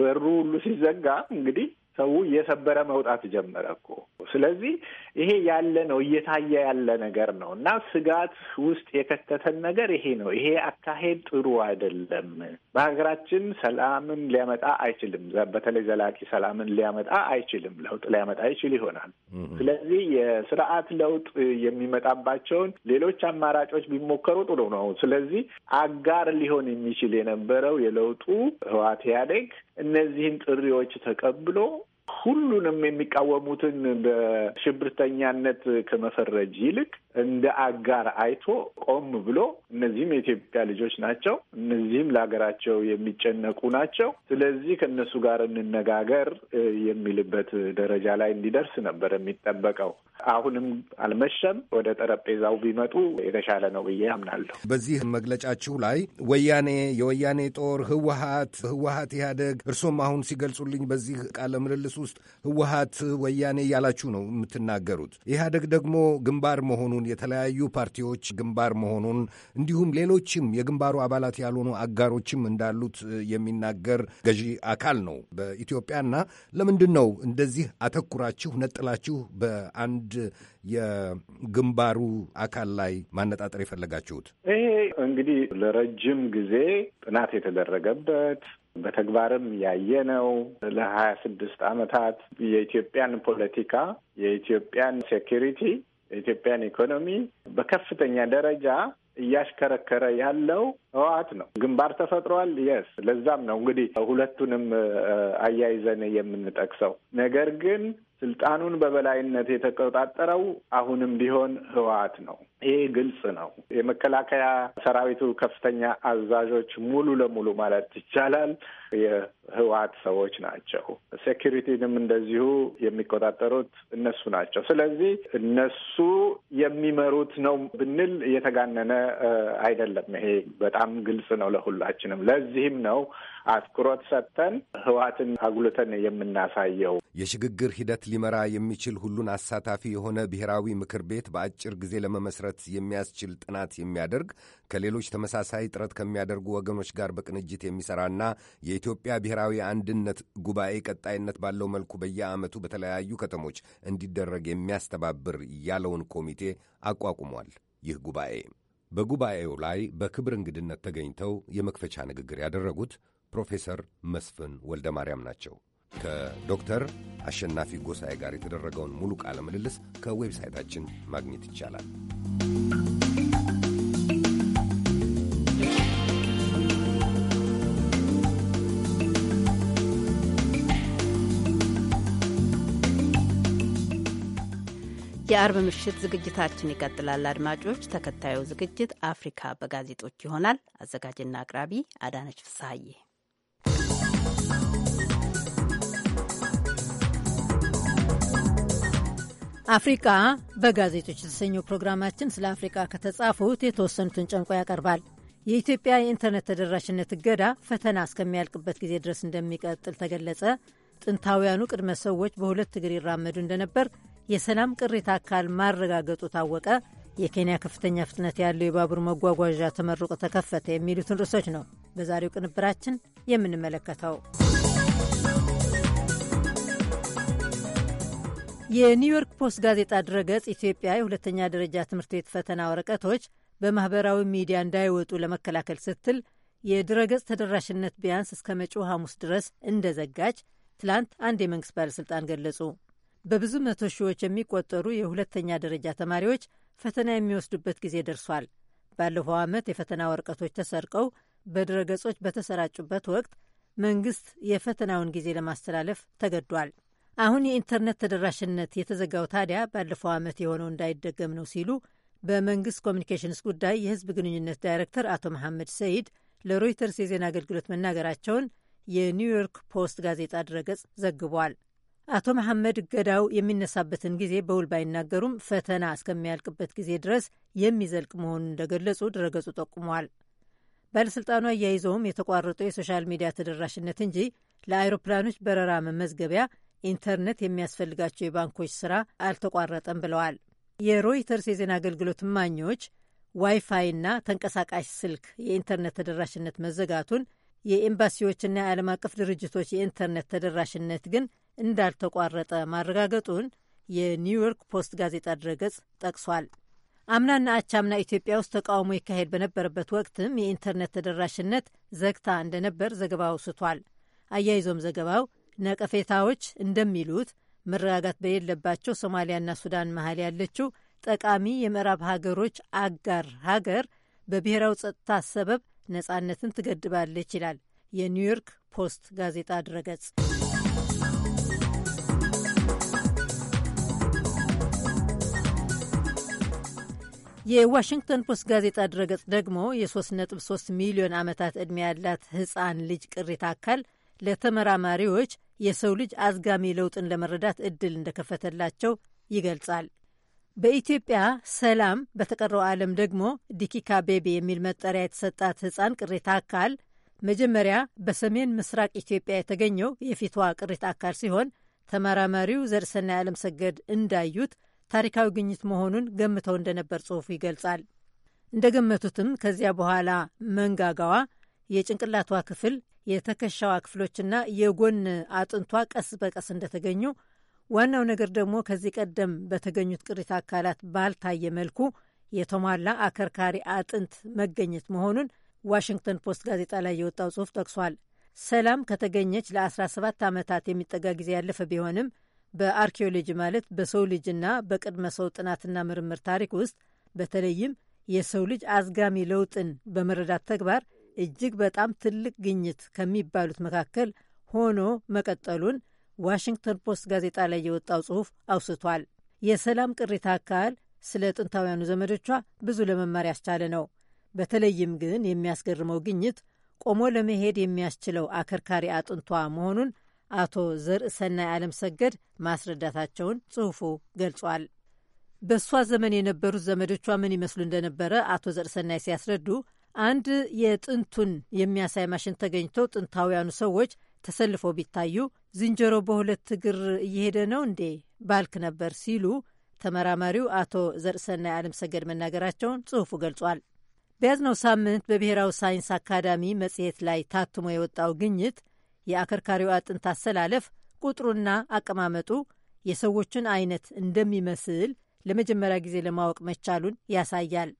በሩ ሁሉ ሲዘጋ እንግዲህ ሰው እየሰበረ መውጣት ጀመረ እኮ። ስለዚህ ይሄ ያለ ነው እየታየ ያለ ነገር ነው እና ስጋት ውስጥ የከተተን ነገር ይሄ ነው። ይሄ አካሄድ ጥሩ አይደለም። በሀገራችን ሰላምን ሊያመጣ አይችልም። በተለይ ዘላቂ ሰላምን ሊያመጣ አይችልም። ለውጥ ሊያመጣ ይችል ይሆናል። ስለዚህ የስርዓት ለውጥ የሚመጣባቸውን ሌሎች አማራጮች ቢሞከሩ ጥሩ ነው። ስለዚህ አጋር ሊሆን የሚችል የነበረው የለውጡ ህዋት ኢህአዴግ እነዚህን ጥሪዎች ተቀብሎ ሁሉንም የሚቃወሙትን በሽብርተኛነት ከመፈረጅ ይልቅ እንደ አጋር አይቶ ቆም ብሎ እነዚህም የኢትዮጵያ ልጆች ናቸው፣ እነዚህም ለሀገራቸው የሚጨነቁ ናቸው፣ ስለዚህ ከእነሱ ጋር እንነጋገር የሚልበት ደረጃ ላይ እንዲደርስ ነበር የሚጠበቀው። አሁንም አልመሸም። ወደ ጠረጴዛው ቢመጡ የተሻለ ነው ብዬ አምናለሁ። በዚህ መግለጫችሁ ላይ ወያኔ፣ የወያኔ ጦር፣ ህወሀት፣ ህወሀት ኢህአደግ፣ እርሶም አሁን ሲገልጹልኝ በዚህ ቃለ ምልልስ ውስጥ ህወሀት ወያኔ እያላችሁ ነው የምትናገሩት። ኢህአደግ ደግሞ ግንባር መሆኑን የተለያዩ ፓርቲዎች ግንባር መሆኑን እንዲሁም ሌሎችም የግንባሩ አባላት ያልሆኑ አጋሮችም እንዳሉት የሚናገር ገዢ አካል ነው በኢትዮጵያና ለምንድን ነው እንደዚህ አተኩራችሁ ነጥላችሁ በአንድ አንድ የግንባሩ አካል ላይ ማነጣጠር የፈለጋችሁት? ይሄ እንግዲህ ለረጅም ጊዜ ጥናት የተደረገበት በተግባርም ያየነው ለሀያ ስድስት ዓመታት የኢትዮጵያን ፖለቲካ፣ የኢትዮጵያን ሴኪሪቲ፣ የኢትዮጵያን ኢኮኖሚ በከፍተኛ ደረጃ እያሽከረከረ ያለው ህወሓት ነው። ግንባር ተፈጥሯል። የስ ለዛም ነው እንግዲህ ሁለቱንም አያይዘን የምንጠቅሰው ነገር ግን ስልጣኑን በበላይነት የተቆጣጠረው አሁንም ቢሆን ህወሓት ነው። ይህ ግልጽ ነው። የመከላከያ ሰራዊቱ ከፍተኛ አዛዦች ሙሉ ለሙሉ ማለት ይቻላል የህወሓት ሰዎች ናቸው። ሴኪሪቲንም እንደዚሁ የሚቆጣጠሩት እነሱ ናቸው። ስለዚህ እነሱ የሚመሩት ነው ብንል እየተጋነነ አይደለም። ይሄ በጣም ግልጽ ነው ለሁላችንም። ለዚህም ነው አትኩሮት ሰጥተን ህወሓትን አጉልተን የምናሳየው። የሽግግር ሂደት ሊመራ የሚችል ሁሉን አሳታፊ የሆነ ብሔራዊ ምክር ቤት በአጭር ጊዜ ለመመስረት የሚያስችል ጥናት የሚያደርግ ከሌሎች ተመሳሳይ ጥረት ከሚያደርጉ ወገኖች ጋር በቅንጅት የሚሰራና የኢትዮጵያ ብሔራዊ አንድነት ጉባኤ ቀጣይነት ባለው መልኩ በየዓመቱ በተለያዩ ከተሞች እንዲደረግ የሚያስተባብር ያለውን ኮሚቴ አቋቁሟል። ይህ ጉባኤ በጉባኤው ላይ በክብር እንግድነት ተገኝተው የመክፈቻ ንግግር ያደረጉት ፕሮፌሰር መስፍን ወልደ ማርያም ናቸው። ከዶክተር አሸናፊ ጎሳዬ ጋር የተደረገውን ሙሉ ቃለ ምልልስ ከዌብሳይታችን ማግኘት ይቻላል። የአርብ ምሽት ዝግጅታችን ይቀጥላል። አድማጮች፣ ተከታዩ ዝግጅት አፍሪካ በጋዜጦች ይሆናል። አዘጋጅና አቅራቢ አዳነች ፍስሐዬ። አፍሪካ በጋዜጦች የተሰኘው ፕሮግራማችን ስለ አፍሪካ ከተጻፉት የተወሰኑትን ጨምቆ ያቀርባል። የኢትዮጵያ የኢንተርኔት ተደራሽነት እገዳ ፈተና እስከሚያልቅበት ጊዜ ድረስ እንደሚቀጥል ተገለጸ። ጥንታውያኑ ቅድመ ሰዎች በሁለት እግር ይራመዱ እንደነበር የሰላም ቅሪተ አካል ማረጋገጡ ታወቀ፣ የኬንያ ከፍተኛ ፍጥነት ያለው የባቡር መጓጓዣ ተመርቆ ተከፈተ፣ የሚሉትን ርዕሶች ነው በዛሬው ቅንብራችን የምንመለከተው። የኒውዮርክ ፖስት ጋዜጣ ድረገጽ ኢትዮጵያ የሁለተኛ ደረጃ ትምህርት ቤት ፈተና ወረቀቶች በማኅበራዊ ሚዲያ እንዳይወጡ ለመከላከል ስትል የድረገጽ ተደራሽነት ቢያንስ እስከ መጪው ሐሙስ ድረስ እንደዘጋች ትላንት አንድ የመንግስት ባለሥልጣን ገለጹ። በብዙ መቶ ሺዎች የሚቆጠሩ የሁለተኛ ደረጃ ተማሪዎች ፈተና የሚወስዱበት ጊዜ ደርሷል። ባለፈው ዓመት የፈተና ወረቀቶች ተሰርቀው በድረገጾች በተሰራጩበት ወቅት መንግስት የፈተናውን ጊዜ ለማስተላለፍ ተገዷል። አሁን የኢንተርኔት ተደራሽነት የተዘጋው ታዲያ ባለፈው ዓመት የሆነው እንዳይደገም ነው ሲሉ በመንግስት ኮሚኒኬሽንስ ጉዳይ የህዝብ ግንኙነት ዳይሬክተር አቶ መሐመድ ሰይድ ለሮይተርስ የዜና አገልግሎት መናገራቸውን የኒውዮርክ ፖስት ጋዜጣ ድረገጽ ዘግቧል። አቶ መሐመድ እገዳው የሚነሳበትን ጊዜ በውል ባይናገሩም ፈተና እስከሚያልቅበት ጊዜ ድረስ የሚዘልቅ መሆኑን እንደገለጹ ድረገጹ ጠቁሟል። ባለሥልጣኑ አያይዘውም የተቋረጠው የሶሻል ሚዲያ ተደራሽነት እንጂ ለአይሮፕላኖች በረራ መመዝገቢያ ኢንተርኔት የሚያስፈልጋቸው የባንኮች ስራ አልተቋረጠም ብለዋል። የሮይተርስ የዜና አገልግሎት እማኞች ዋይፋይና ተንቀሳቃሽ ስልክ የኢንተርኔት ተደራሽነት መዘጋቱን የኤምባሲዎችና የዓለም አቀፍ ድርጅቶች የኢንተርኔት ተደራሽነት ግን እንዳልተቋረጠ ማረጋገጡን የኒውዮርክ ፖስት ጋዜጣ ድረገጽ ጠቅሷል። አምናና አቻምና ኢትዮጵያ ውስጥ ተቃውሞ ይካሄድ በነበረበት ወቅትም የኢንተርኔት ተደራሽነት ዘግታ እንደነበር ዘገባው አውስቷል። አያይዞም ዘገባው ነቀፌታዎች እንደሚሉት መረጋጋት በሌለባቸው ሶማሊያና ሱዳን መሀል ያለችው ጠቃሚ የምዕራብ ሀገሮች አጋር ሀገር በብሔራዊ ጸጥታ ሰበብ ነጻነትን ትገድባለች ይላል የኒውዮርክ ፖስት ጋዜጣ ድረገጽ። የዋሽንግተን ፖስት ጋዜጣ ድረገጽ ደግሞ የ3.3 ሚሊዮን ዓመታት ዕድሜ ያላት ሕፃን ልጅ ቅሪተ አካል ለተመራማሪዎች የሰው ልጅ አዝጋሚ ለውጥን ለመረዳት እድል እንደከፈተላቸው ይገልጻል። በኢትዮጵያ ሰላም፣ በተቀረው ዓለም ደግሞ ዲኪካ ቤቢ የሚል መጠሪያ የተሰጣት ሕፃን ቅሪተ አካል መጀመሪያ በሰሜን ምስራቅ ኢትዮጵያ የተገኘው የፊቷ ቅሪተ አካል ሲሆን ተመራማሪው ዘርሰና የዓለም ሰገድ እንዳዩት ታሪካዊ ግኝት መሆኑን ገምተው እንደነበር ጽሑፉ ይገልጻል። እንደገመቱትም ከዚያ በኋላ መንጋጋዋ፣ የጭንቅላቷ ክፍል፣ የትከሻዋ ክፍሎችና የጎን አጥንቷ ቀስ በቀስ እንደተገኙ ዋናው ነገር ደግሞ ከዚህ ቀደም በተገኙት ቅሪተ አካላት ባልታየ መልኩ የተሟላ አከርካሪ አጥንት መገኘት መሆኑን ዋሽንግተን ፖስት ጋዜጣ ላይ የወጣው ጽሑፍ ጠቅሷል። ሰላም ከተገኘች ለ17 ዓመታት የሚጠጋ ጊዜ ያለፈ ቢሆንም በአርኪኦሎጂ ማለት በሰው ልጅና በቅድመ ሰው ጥናትና ምርምር ታሪክ ውስጥ በተለይም የሰው ልጅ አዝጋሚ ለውጥን በመረዳት ተግባር እጅግ በጣም ትልቅ ግኝት ከሚባሉት መካከል ሆኖ መቀጠሉን ዋሽንግተን ፖስት ጋዜጣ ላይ የወጣው ጽሑፍ አውስቷል። የሰላም ቅሪታ አካል ስለ ጥንታውያኑ ዘመዶቿ ብዙ ለመማር ያስቻለ ነው። በተለይም ግን የሚያስገርመው ግኝት ቆሞ ለመሄድ የሚያስችለው አከርካሪ አጥንቷ መሆኑን አቶ ዘርእሰናይ አለም ሰገድ ማስረዳታቸውን ጽሑፉ ገልጿል። በእሷ ዘመን የነበሩት ዘመዶቿ ምን ይመስሉ እንደነበረ አቶ ዘርእሰናይ ሲያስረዱ አንድ የጥንቱን የሚያሳይ ማሽን ተገኝቶ ጥንታውያኑ ሰዎች ተሰልፈው ቢታዩ ዝንጀሮ በሁለት እግር እየሄደ ነው እንዴ ባልክ ነበር ሲሉ ተመራማሪው አቶ ዘርሰናይ ዓለም ሰገድ መናገራቸውን ጽሑፉ ገልጿል። በያዝነው ሳምንት በብሔራዊ ሳይንስ አካዳሚ መጽሔት ላይ ታትሞ የወጣው ግኝት የአከርካሪው አጥንት አሰላለፍ ቁጥሩና አቀማመጡ የሰዎችን አይነት እንደሚመስል ለመጀመሪያ ጊዜ ለማወቅ መቻሉን ያሳያል።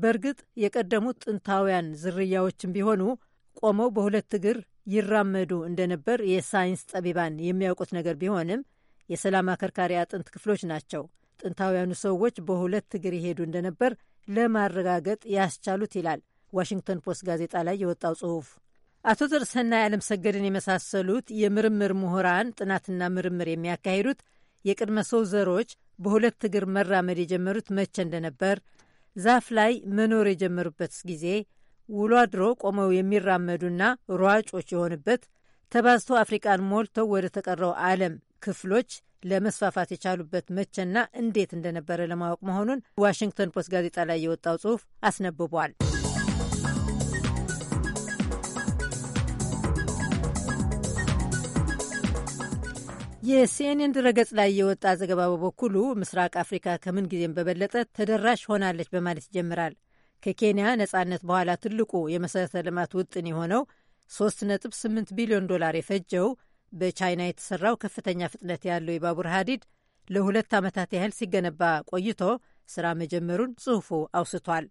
በእርግጥ የቀደሙት ጥንታውያን ዝርያዎችም ቢሆኑ ቆመው በሁለት እግር ይራመዱ እንደነበር የሳይንስ ጠቢባን የሚያውቁት ነገር ቢሆንም የሰላም አከርካሪ አጥንት ክፍሎች ናቸው ጥንታውያኑ ሰዎች በሁለት እግር ይሄዱ እንደነበር ለማረጋገጥ ያስቻሉት ይላል ዋሽንግተን ፖስት ጋዜጣ ላይ የወጣው ጽሑፍ። አቶ ዘርሰናይ የዓለም ሰገድን የመሳሰሉት የምርምር ምሁራን ጥናትና ምርምር የሚያካሂዱት የቅድመ ሰው ዘሮች በሁለት እግር መራመድ የጀመሩት መቼ እንደነበር፣ ዛፍ ላይ መኖር የጀመሩበት ጊዜ፣ ውሎ አድሮ ቆመው የሚራመዱና ሯጮች የሆንበት ተባዝቶ አፍሪቃን ሞልተው ወደ ተቀረው ዓለም ክፍሎች ለመስፋፋት የቻሉበት መቼና እንዴት እንደነበረ ለማወቅ መሆኑን ዋሽንግተን ፖስት ጋዜጣ ላይ የወጣው ጽሑፍ አስነብቧል። የሲኤንኤን ድረገጽ ላይ የወጣ ዘገባ በበኩሉ ምስራቅ አፍሪካ ከምን ጊዜም በበለጠ ተደራሽ ሆናለች በማለት ይጀምራል። ከኬንያ ነጻነት በኋላ ትልቁ የመሠረተ ልማት ውጥን የሆነው 3.8 ቢሊዮን ዶላር የፈጀው በቻይና የተሰራው ከፍተኛ ፍጥነት ያለው የባቡር ሀዲድ ለሁለት ዓመታት ያህል ሲገነባ ቆይቶ ስራ መጀመሩን ጽሑፉ አውስቷል።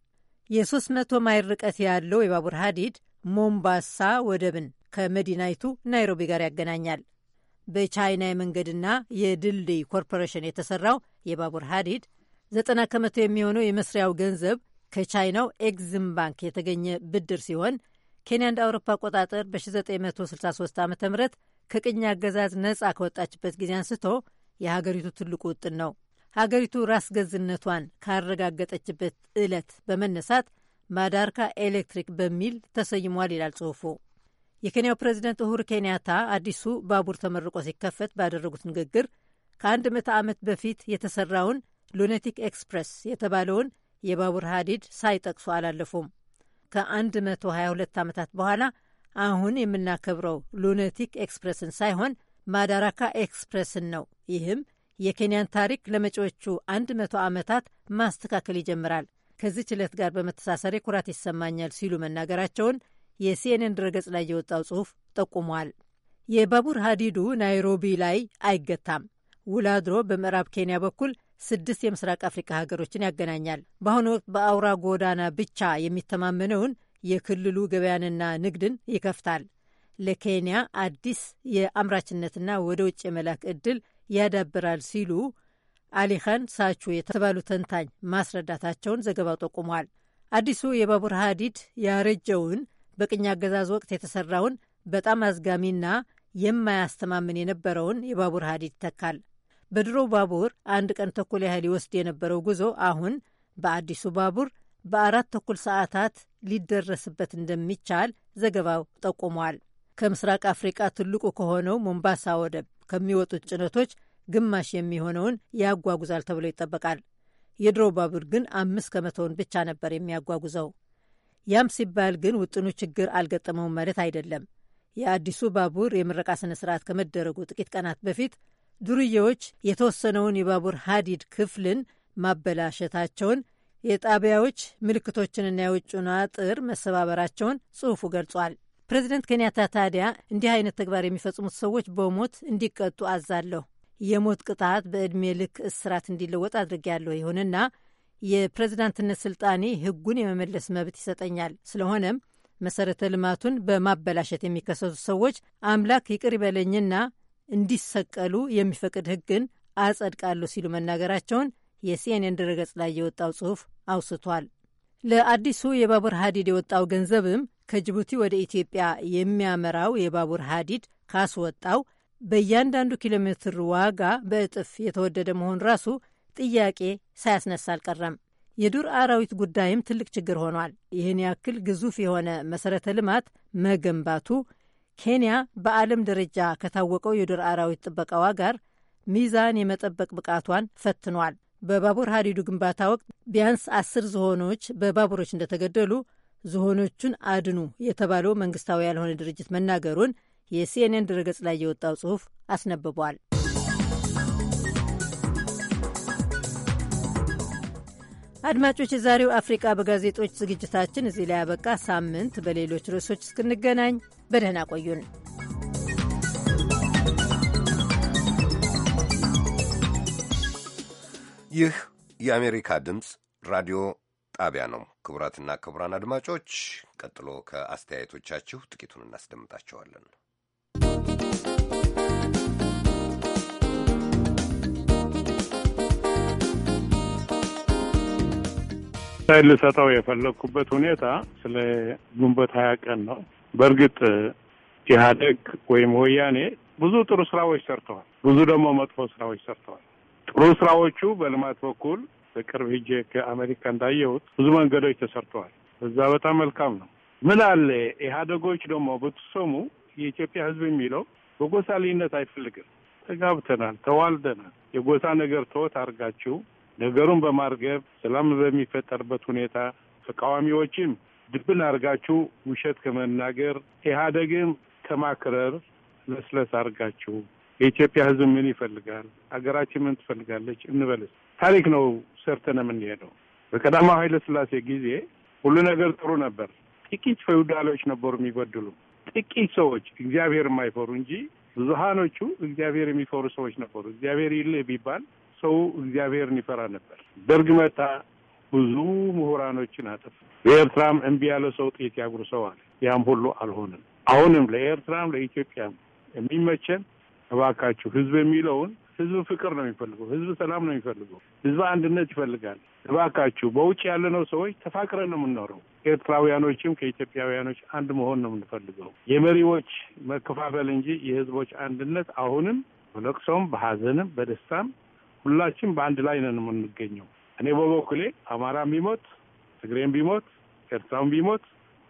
የ300 ማይል ርቀት ያለው የባቡር ሀዲድ ሞምባሳ ወደብን ከመዲናይቱ ናይሮቢ ጋር ያገናኛል። በቻይና የመንገድና የድልድይ ኮርፖሬሽን የተሰራው የባቡር ሀዲድ 90 ከመቶ የሚሆነው የመስሪያው ገንዘብ ከቻይናው ኤግዝም ባንክ የተገኘ ብድር ሲሆን ኬንያ እንደ አውሮፓ አቆጣጠር በ1963 ዓ ም ከቅኝ አገዛዝ ነጻ ከወጣችበት ጊዜ አንስቶ የሀገሪቱ ትልቁ ውጥን ነው። ሀገሪቱ ራስ ገዝነቷን ካረጋገጠችበት ዕለት በመነሳት ማዳርካ ኤሌክትሪክ በሚል ተሰይሟል ይላል ጽሑፉ። የኬንያው ፕሬዚደንት እሁር ኬንያታ አዲሱ ባቡር ተመርቆ ሲከፈት ባደረጉት ንግግር ከአንድ መቶ ዓመት በፊት የተሰራውን ሉነቲክ ኤክስፕሬስ የተባለውን የባቡር ሀዲድ ሳይጠቅሱ አላለፉም። ከ122 ዓመታት በኋላ አሁን የምናከብረው ሉነቲክ ኤክስፕሬስን ሳይሆን ማዳራካ ኤክስፕሬስን ነው። ይህም የኬንያን ታሪክ ለመጪዎቹ 100 ዓመታት ማስተካከል ይጀምራል። ከዚህ ዕለት ጋር በመተሳሰሪ ኩራት ይሰማኛል ሲሉ መናገራቸውን የሲኤንኤን ድረገጽ ላይ የወጣው ጽሑፍ ጠቁሟል። የባቡር ሀዲዱ ናይሮቢ ላይ አይገታም። ውላድሮ በምዕራብ ኬንያ በኩል ስድስት የምስራቅ አፍሪካ ሀገሮችን ያገናኛል። በአሁኑ ወቅት በአውራ ጎዳና ብቻ የሚተማመነውን የክልሉ ገበያንና ንግድን ይከፍታል። ለኬንያ አዲስ የአምራችነትና ወደ ውጭ የመላክ ዕድል ያዳብራል ሲሉ አሊኸን ሳቹ የተባሉ ተንታኝ ማስረዳታቸውን ዘገባው ጠቁሟል። አዲሱ የባቡር ሀዲድ ያረጀውን በቅኝ አገዛዝ ወቅት የተሰራውን በጣም አዝጋሚና የማያስተማምን የነበረውን የባቡር ሀዲድ ይተካል። በድሮ ባቡር አንድ ቀን ተኩል ያህል ይወስድ የነበረው ጉዞ አሁን በአዲሱ ባቡር በአራት ተኩል ሰዓታት ሊደረስበት እንደሚቻል ዘገባው ጠቁሟል። ከምስራቅ አፍሪቃ ትልቁ ከሆነው ሞምባሳ ወደብ ከሚወጡት ጭነቶች ግማሽ የሚሆነውን ያጓጉዛል ተብሎ ይጠበቃል። የድሮ ባቡር ግን አምስት ከመቶውን ብቻ ነበር የሚያጓጉዘው። ያም ሲባል ግን ውጥኑ ችግር አልገጠመውም ማለት አይደለም። የአዲሱ ባቡር የምረቃ ስነ ስርዓት ከመደረጉ ጥቂት ቀናት በፊት ዱርዬዎች የተወሰነውን የባቡር ሀዲድ ክፍልን ማበላሸታቸውን፣ የጣቢያዎች ምልክቶችንና የውጭውን አጥር መሰባበራቸውን ጽሑፉ ገልጿል። ፕሬዚደንት ኬንያታ ታዲያ እንዲህ አይነት ተግባር የሚፈጽሙት ሰዎች በሞት እንዲቀጡ አዛለሁ። የሞት ቅጣት በዕድሜ ልክ እስራት እንዲለወጥ አድርጌያለሁ። ይሁንና የፕሬዚዳንትነት ስልጣኔ ህጉን የመመለስ መብት ይሰጠኛል። ስለሆነም መሰረተ ልማቱን በማበላሸት የሚከሰቱ ሰዎች አምላክ ይቅር ይበለኝና እንዲሰቀሉ የሚፈቅድ ህግን አጸድቃለሁ ሲሉ መናገራቸውን የሲኤንኤን ድረገጽ ላይ የወጣው ጽሑፍ አውስቷል። ለአዲሱ የባቡር ሀዲድ የወጣው ገንዘብም ከጅቡቲ ወደ ኢትዮጵያ የሚያመራው የባቡር ሀዲድ ካስወጣው በእያንዳንዱ ኪሎ ሜትር ዋጋ በእጥፍ የተወደደ መሆኑ ራሱ ጥያቄ ሳያስነሳ አልቀረም። የዱር አራዊት ጉዳይም ትልቅ ችግር ሆኗል። ይህን ያክል ግዙፍ የሆነ መሰረተ ልማት መገንባቱ ኬንያ በዓለም ደረጃ ከታወቀው የዱር አራዊት ጥበቃዋ ጋር ሚዛን የመጠበቅ ብቃቷን ፈትኗል። በባቡር ሀዲዱ ግንባታ ወቅት ቢያንስ አስር ዝሆኖች በባቡሮች እንደተገደሉ ዝሆኖቹን አድኑ የተባለው መንግስታዊ ያልሆነ ድርጅት መናገሩን የሲኤንኤን ድረገጽ ላይ የወጣው ጽሑፍ አስነብቧል። አድማጮች፣ የዛሬው አፍሪቃ በጋዜጦች ዝግጅታችን እዚህ ላይ ያበቃ። ሳምንት በሌሎች ርዕሶች እስክንገናኝ በደህና ቆዩን። ይህ የአሜሪካ ድምፅ ራዲዮ ጣቢያ ነው። ክቡራትና ክቡራን አድማጮች፣ ቀጥሎ ከአስተያየቶቻችሁ ጥቂቱን እናስደምጣቸዋለን። ሳይል ልሰጠው የፈለግኩበት ሁኔታ ስለ ግንቦት ሀያ ቀን ነው። በእርግጥ ኢህአደግ ወይም ወያኔ ብዙ ጥሩ ስራዎች ሰርተዋል፣ ብዙ ደግሞ መጥፎ ስራዎች ሰርተዋል። ጥሩ ስራዎቹ በልማት በኩል በቅርብ ሂጄ ከአሜሪካ እንዳየሁት ብዙ መንገዶች ተሰርተዋል። እዛ በጣም መልካም ነው። ምን አለ ኢህአደጎች ደግሞ ብትሰሙ የኢትዮጵያ ህዝብ የሚለው በጎሳ ልዩነት አይፈልግም። ተጋብተናል፣ ተዋልደናል። የጎሳ ነገር ተወት አድርጋችሁ ነገሩን በማርገብ ሰላም በሚፈጠርበት ሁኔታ ተቃዋሚዎችም ድብን አድርጋችሁ ውሸት ከመናገር ኢህአደግን ከማክረር ለስለስ አድርጋችሁ የኢትዮጵያ ህዝብ ምን ይፈልጋል፣ ሀገራችን ምን ትፈልጋለች እንበልስ ታሪክ ነው ሰርተን የምንሄደው። በቀዳማዊ ኃይለ ስላሴ ጊዜ ሁሉ ነገር ጥሩ ነበር። ጥቂት ፌውዳሎች ነበሩ የሚበድሉ፣ ጥቂት ሰዎች እግዚአብሔር የማይፈሩ እንጂ ብዙሀኖቹ እግዚአብሔር የሚፈሩ ሰዎች ነበሩ። እግዚአብሔር ይልህ ቢባል ሰው እግዚአብሔርን ይፈራ ነበር። ደርግ መጣ፣ ብዙ ምሁራኖችን አጠፍ የኤርትራም እምቢ ያለ ሰው ጥይት ያጉርሰዋል። ያም ሁሉ አልሆንም። አሁንም ለኤርትራም ለኢትዮጵያም የሚመቸን እባካችሁ ህዝብ የሚለውን ህዝብ ፍቅር ነው የሚፈልገው። ህዝብ ሰላም ነው የሚፈልገው። ህዝብ አንድነት ይፈልጋል። እባካችሁ በውጭ ያለነው ሰዎች ተፋቅረን ነው የምንኖረው። ኤርትራውያኖችም ከኢትዮጵያውያኖች አንድ መሆን ነው የምንፈልገው። የመሪዎች መከፋፈል እንጂ የህዝቦች አንድነት አሁንም በለቅሶም በሀዘንም በደስታም ሁላችን በአንድ ላይ ነን የምንገኘው። እኔ በበኩሌ አማራም ቢሞት ትግሬም ቢሞት ኤርትራም ቢሞት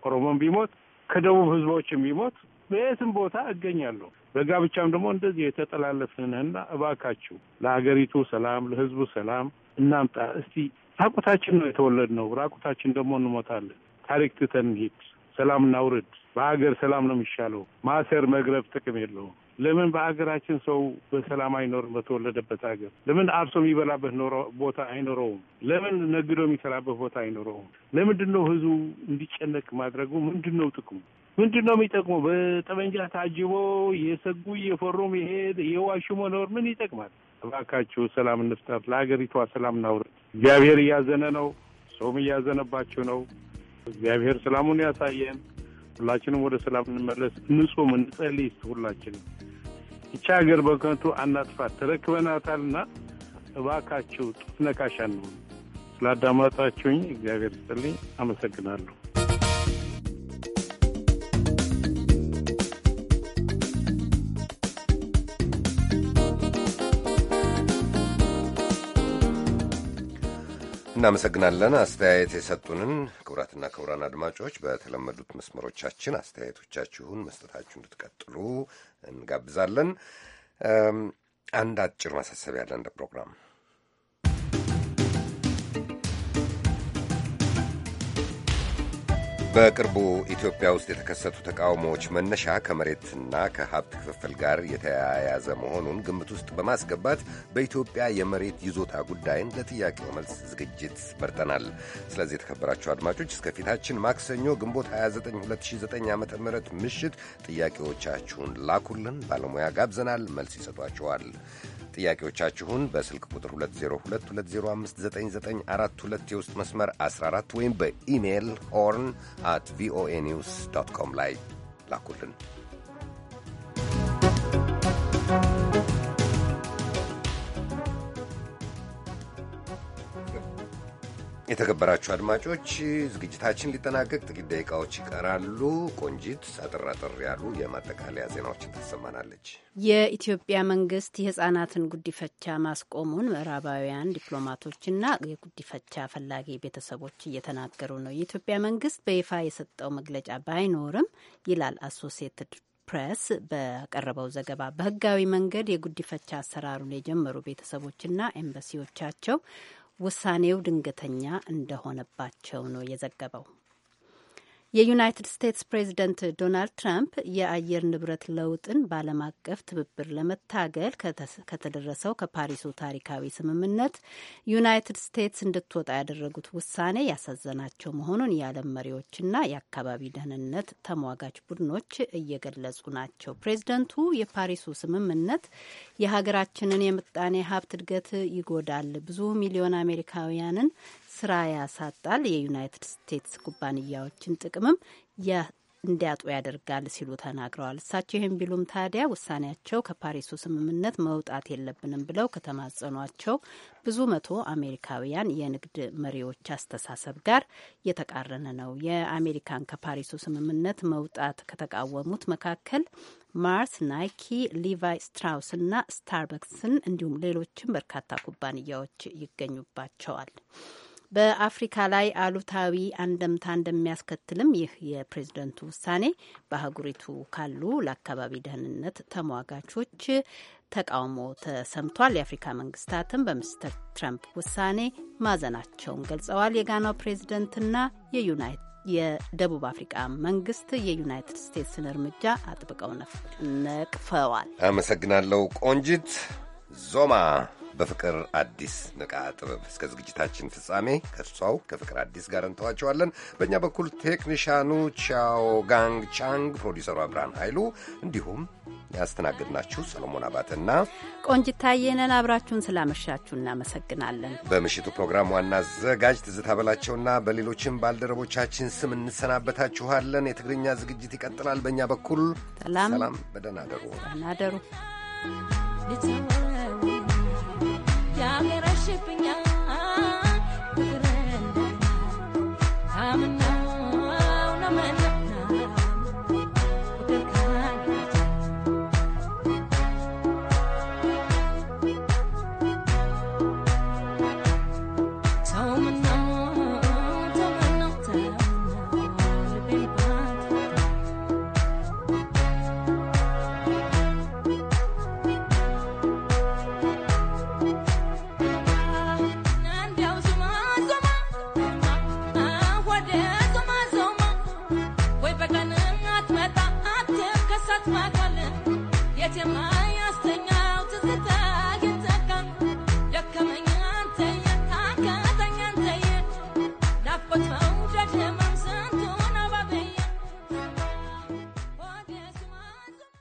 ኦሮሞም ቢሞት ከደቡብ ህዝቦችም ቢሞት በየትም ቦታ እገኛለሁ። በጋብቻም ደግሞ እንደዚህ የተጠላለፍንህና እባካችሁ ለሀገሪቱ ሰላም፣ ለህዝቡ ሰላም እናምጣ። እስቲ ራቁታችን ነው የተወለድነው፣ ራቁታችን ደግሞ እንሞታለን። ታሪክ ትተን እንሂድ፣ ሰላም እናውርድ። በሀገር ሰላም ነው የሚሻለው። ማሰር መግረብ ጥቅም የለውም። ለምን በሀገራችን ሰው በሰላም አይኖርም? በተወለደበት ሀገር ለምን አርሶ የሚበላበት ቦታ አይኖረውም? ለምን ነግዶ የሚሰራበት ቦታ አይኖረውም? ለምንድን ነው ህዝቡ እንዲጨነቅ ማድረጉ? ምንድን ነው ጥቅሙ? ምንድን ነው የሚጠቅመው? በጠመንጃ ታጅቦ የሰጉ የፈሩ መሄድ የዋሹ መኖር ምን ይጠቅማል? እባካችሁ ሰላም እንፍጠር፣ ለሀገሪቷ ሰላም እናውርድ። እግዚአብሔር እያዘነ ነው፣ ሰውም እያዘነባችሁ ነው። እግዚአብሔር ሰላሙን ያሳየን። ሁላችንም ወደ ሰላም እንመለስ፣ ንጹም እንጸልይ ሁላችንም ይቺ ሀገር በከንቱ አናጥፋት፣ ተረክበናታልና እባካችሁ ጡት ነካሽ አንሁን። ስላዳመጣችሁኝ እግዚአብሔር ይስጥልኝ። አመሰግናለሁ። እናመሰግናለን። አስተያየት የሰጡንን ክቡራትና ክቡራን አድማጮች በተለመዱት መስመሮቻችን አስተያየቶቻችሁን መስጠታችሁ እንድትቀጥሉ እንጋብዛለን። አንድ አጭር ማሳሰቢያ ያለ እንደ ፕሮግራም በቅርቡ ኢትዮጵያ ውስጥ የተከሰቱ ተቃውሞዎች መነሻ ከመሬትና ከሀብት ክፍፍል ጋር የተያያዘ መሆኑን ግምት ውስጥ በማስገባት በኢትዮጵያ የመሬት ይዞታ ጉዳይን ለጥያቄው መልስ ዝግጅት መርጠናል። ስለዚህ የተከበራቸው አድማጮች እስከፊታችን ማክሰኞ ግንቦት 292009 ዓ ም ምሽት ጥያቄዎቻችሁን ላኩልን። ባለሙያ ጋብዘናል፣ መልስ ይሰጧቸዋል። ጥያቄዎቻችሁን በስልክ ቁጥር 2022059942 የውስጥ መስመር 14 ወይም በኢሜይል ሆርን አት ቪኦኤ ኒውስ ዶት ኮም ላይ ላኩልን። የተከበራችሁ አድማጮች ዝግጅታችን ሊጠናቀቅ ጥቂት ደቂቃዎች ይቀራሉ። ቆንጂት አጥራጥር ያሉ የማጠቃለያ ዜናዎችን ታሰማናለች። የኢትዮጵያ መንግስት የህጻናትን ጉዲፈቻ ማስቆሙን ምዕራባውያን ዲፕሎማቶችና የጉዲፈቻ ፈላጊ ቤተሰቦች እየተናገሩ ነው። የኢትዮጵያ መንግስት በይፋ የሰጠው መግለጫ ባይኖርም ይላል አሶሲየትድ ፕሬስ በቀረበው ዘገባ በህጋዊ መንገድ የጉዲፈቻ አሰራሩን የጀመሩ ቤተሰቦችና ኤምባሲዎቻቸው ውሳኔው ድንገተኛ እንደሆነባቸው ነው የዘገበው። የዩናይትድ ስቴትስ ፕሬዝደንት ዶናልድ ትራምፕ የአየር ንብረት ለውጥን በዓለም አቀፍ ትብብር ለመታገል ከተደረሰው ከፓሪሱ ታሪካዊ ስምምነት ዩናይትድ ስቴትስ እንድትወጣ ያደረጉት ውሳኔ ያሳዘናቸው መሆኑን የዓለም መሪዎችና የአካባቢ ደህንነት ተሟጋች ቡድኖች እየገለጹ ናቸው። ፕሬዚደንቱ የፓሪሱ ስምምነት የሀገራችንን የምጣኔ ሀብት እድገት ይጎዳል፣ ብዙ ሚሊዮን አሜሪካውያንን ስራ ያሳጣል፣ የዩናይትድ ስቴትስ ኩባንያዎችን ጥቅምም እንዲያጡ ያደርጋል ሲሉ ተናግረዋል። እሳቸው ይህም ቢሉም ታዲያ ውሳኔያቸው ከፓሪሱ ስምምነት መውጣት የለብንም ብለው ከተማጸኗቸው ብዙ መቶ አሜሪካውያን የንግድ መሪዎች አስተሳሰብ ጋር እየተቃረነ ነው። የአሜሪካን ከፓሪሱ ስምምነት መውጣት ከተቃወሙት መካከል ማርስ፣ ናይኪ፣ ሊቫይ ስትራውስ እና ስታርበክስን እንዲሁም ሌሎችም በርካታ ኩባንያዎች ይገኙባቸዋል። በአፍሪካ ላይ አሉታዊ አንደምታ እንደሚያስከትልም ይህ የፕሬዝደንቱ ውሳኔ በአህጉሪቱ ካሉ ለአካባቢ ደህንነት ተሟጋቾች ተቃውሞ ተሰምቷል። የአፍሪካ መንግስታትም በሚስተር ትራምፕ ውሳኔ ማዘናቸውን ገልጸዋል። የጋናው ፕሬዝደንትና የደቡብ አፍሪካ መንግስት የዩናይትድ ስቴትስን እርምጃ አጥብቀው ነቅፈዋል። አመሰግናለሁ ቆንጂት ዞማ። በፍቅር አዲስ ንቃ ጥበብ እስከ ዝግጅታችን ፍጻሜ ከእርሷው ከፍቅር አዲስ ጋር እንተዋቸዋለን። በእኛ በኩል ቴክኒሻኑ ቻዎ ጋንግ ቻንግ፣ ፕሮዲሰሯ ብርሃን ኃይሉ እንዲሁም ያስተናግድናችሁ ሰሎሞን አባትና ቆንጂት አብራችሁን ስላመሻችሁ እናመሰግናለን። በምሽቱ ፕሮግራም ዋና አዘጋጅ ትዝታ በላቸውና በሌሎችም ባልደረቦቻችን ስም እንሰናበታችኋለን። የትግርኛ ዝግጅት ይቀጥላል። በእኛ በኩል ሰላም፣ በደህና አደሩ። ያገረሽብኛል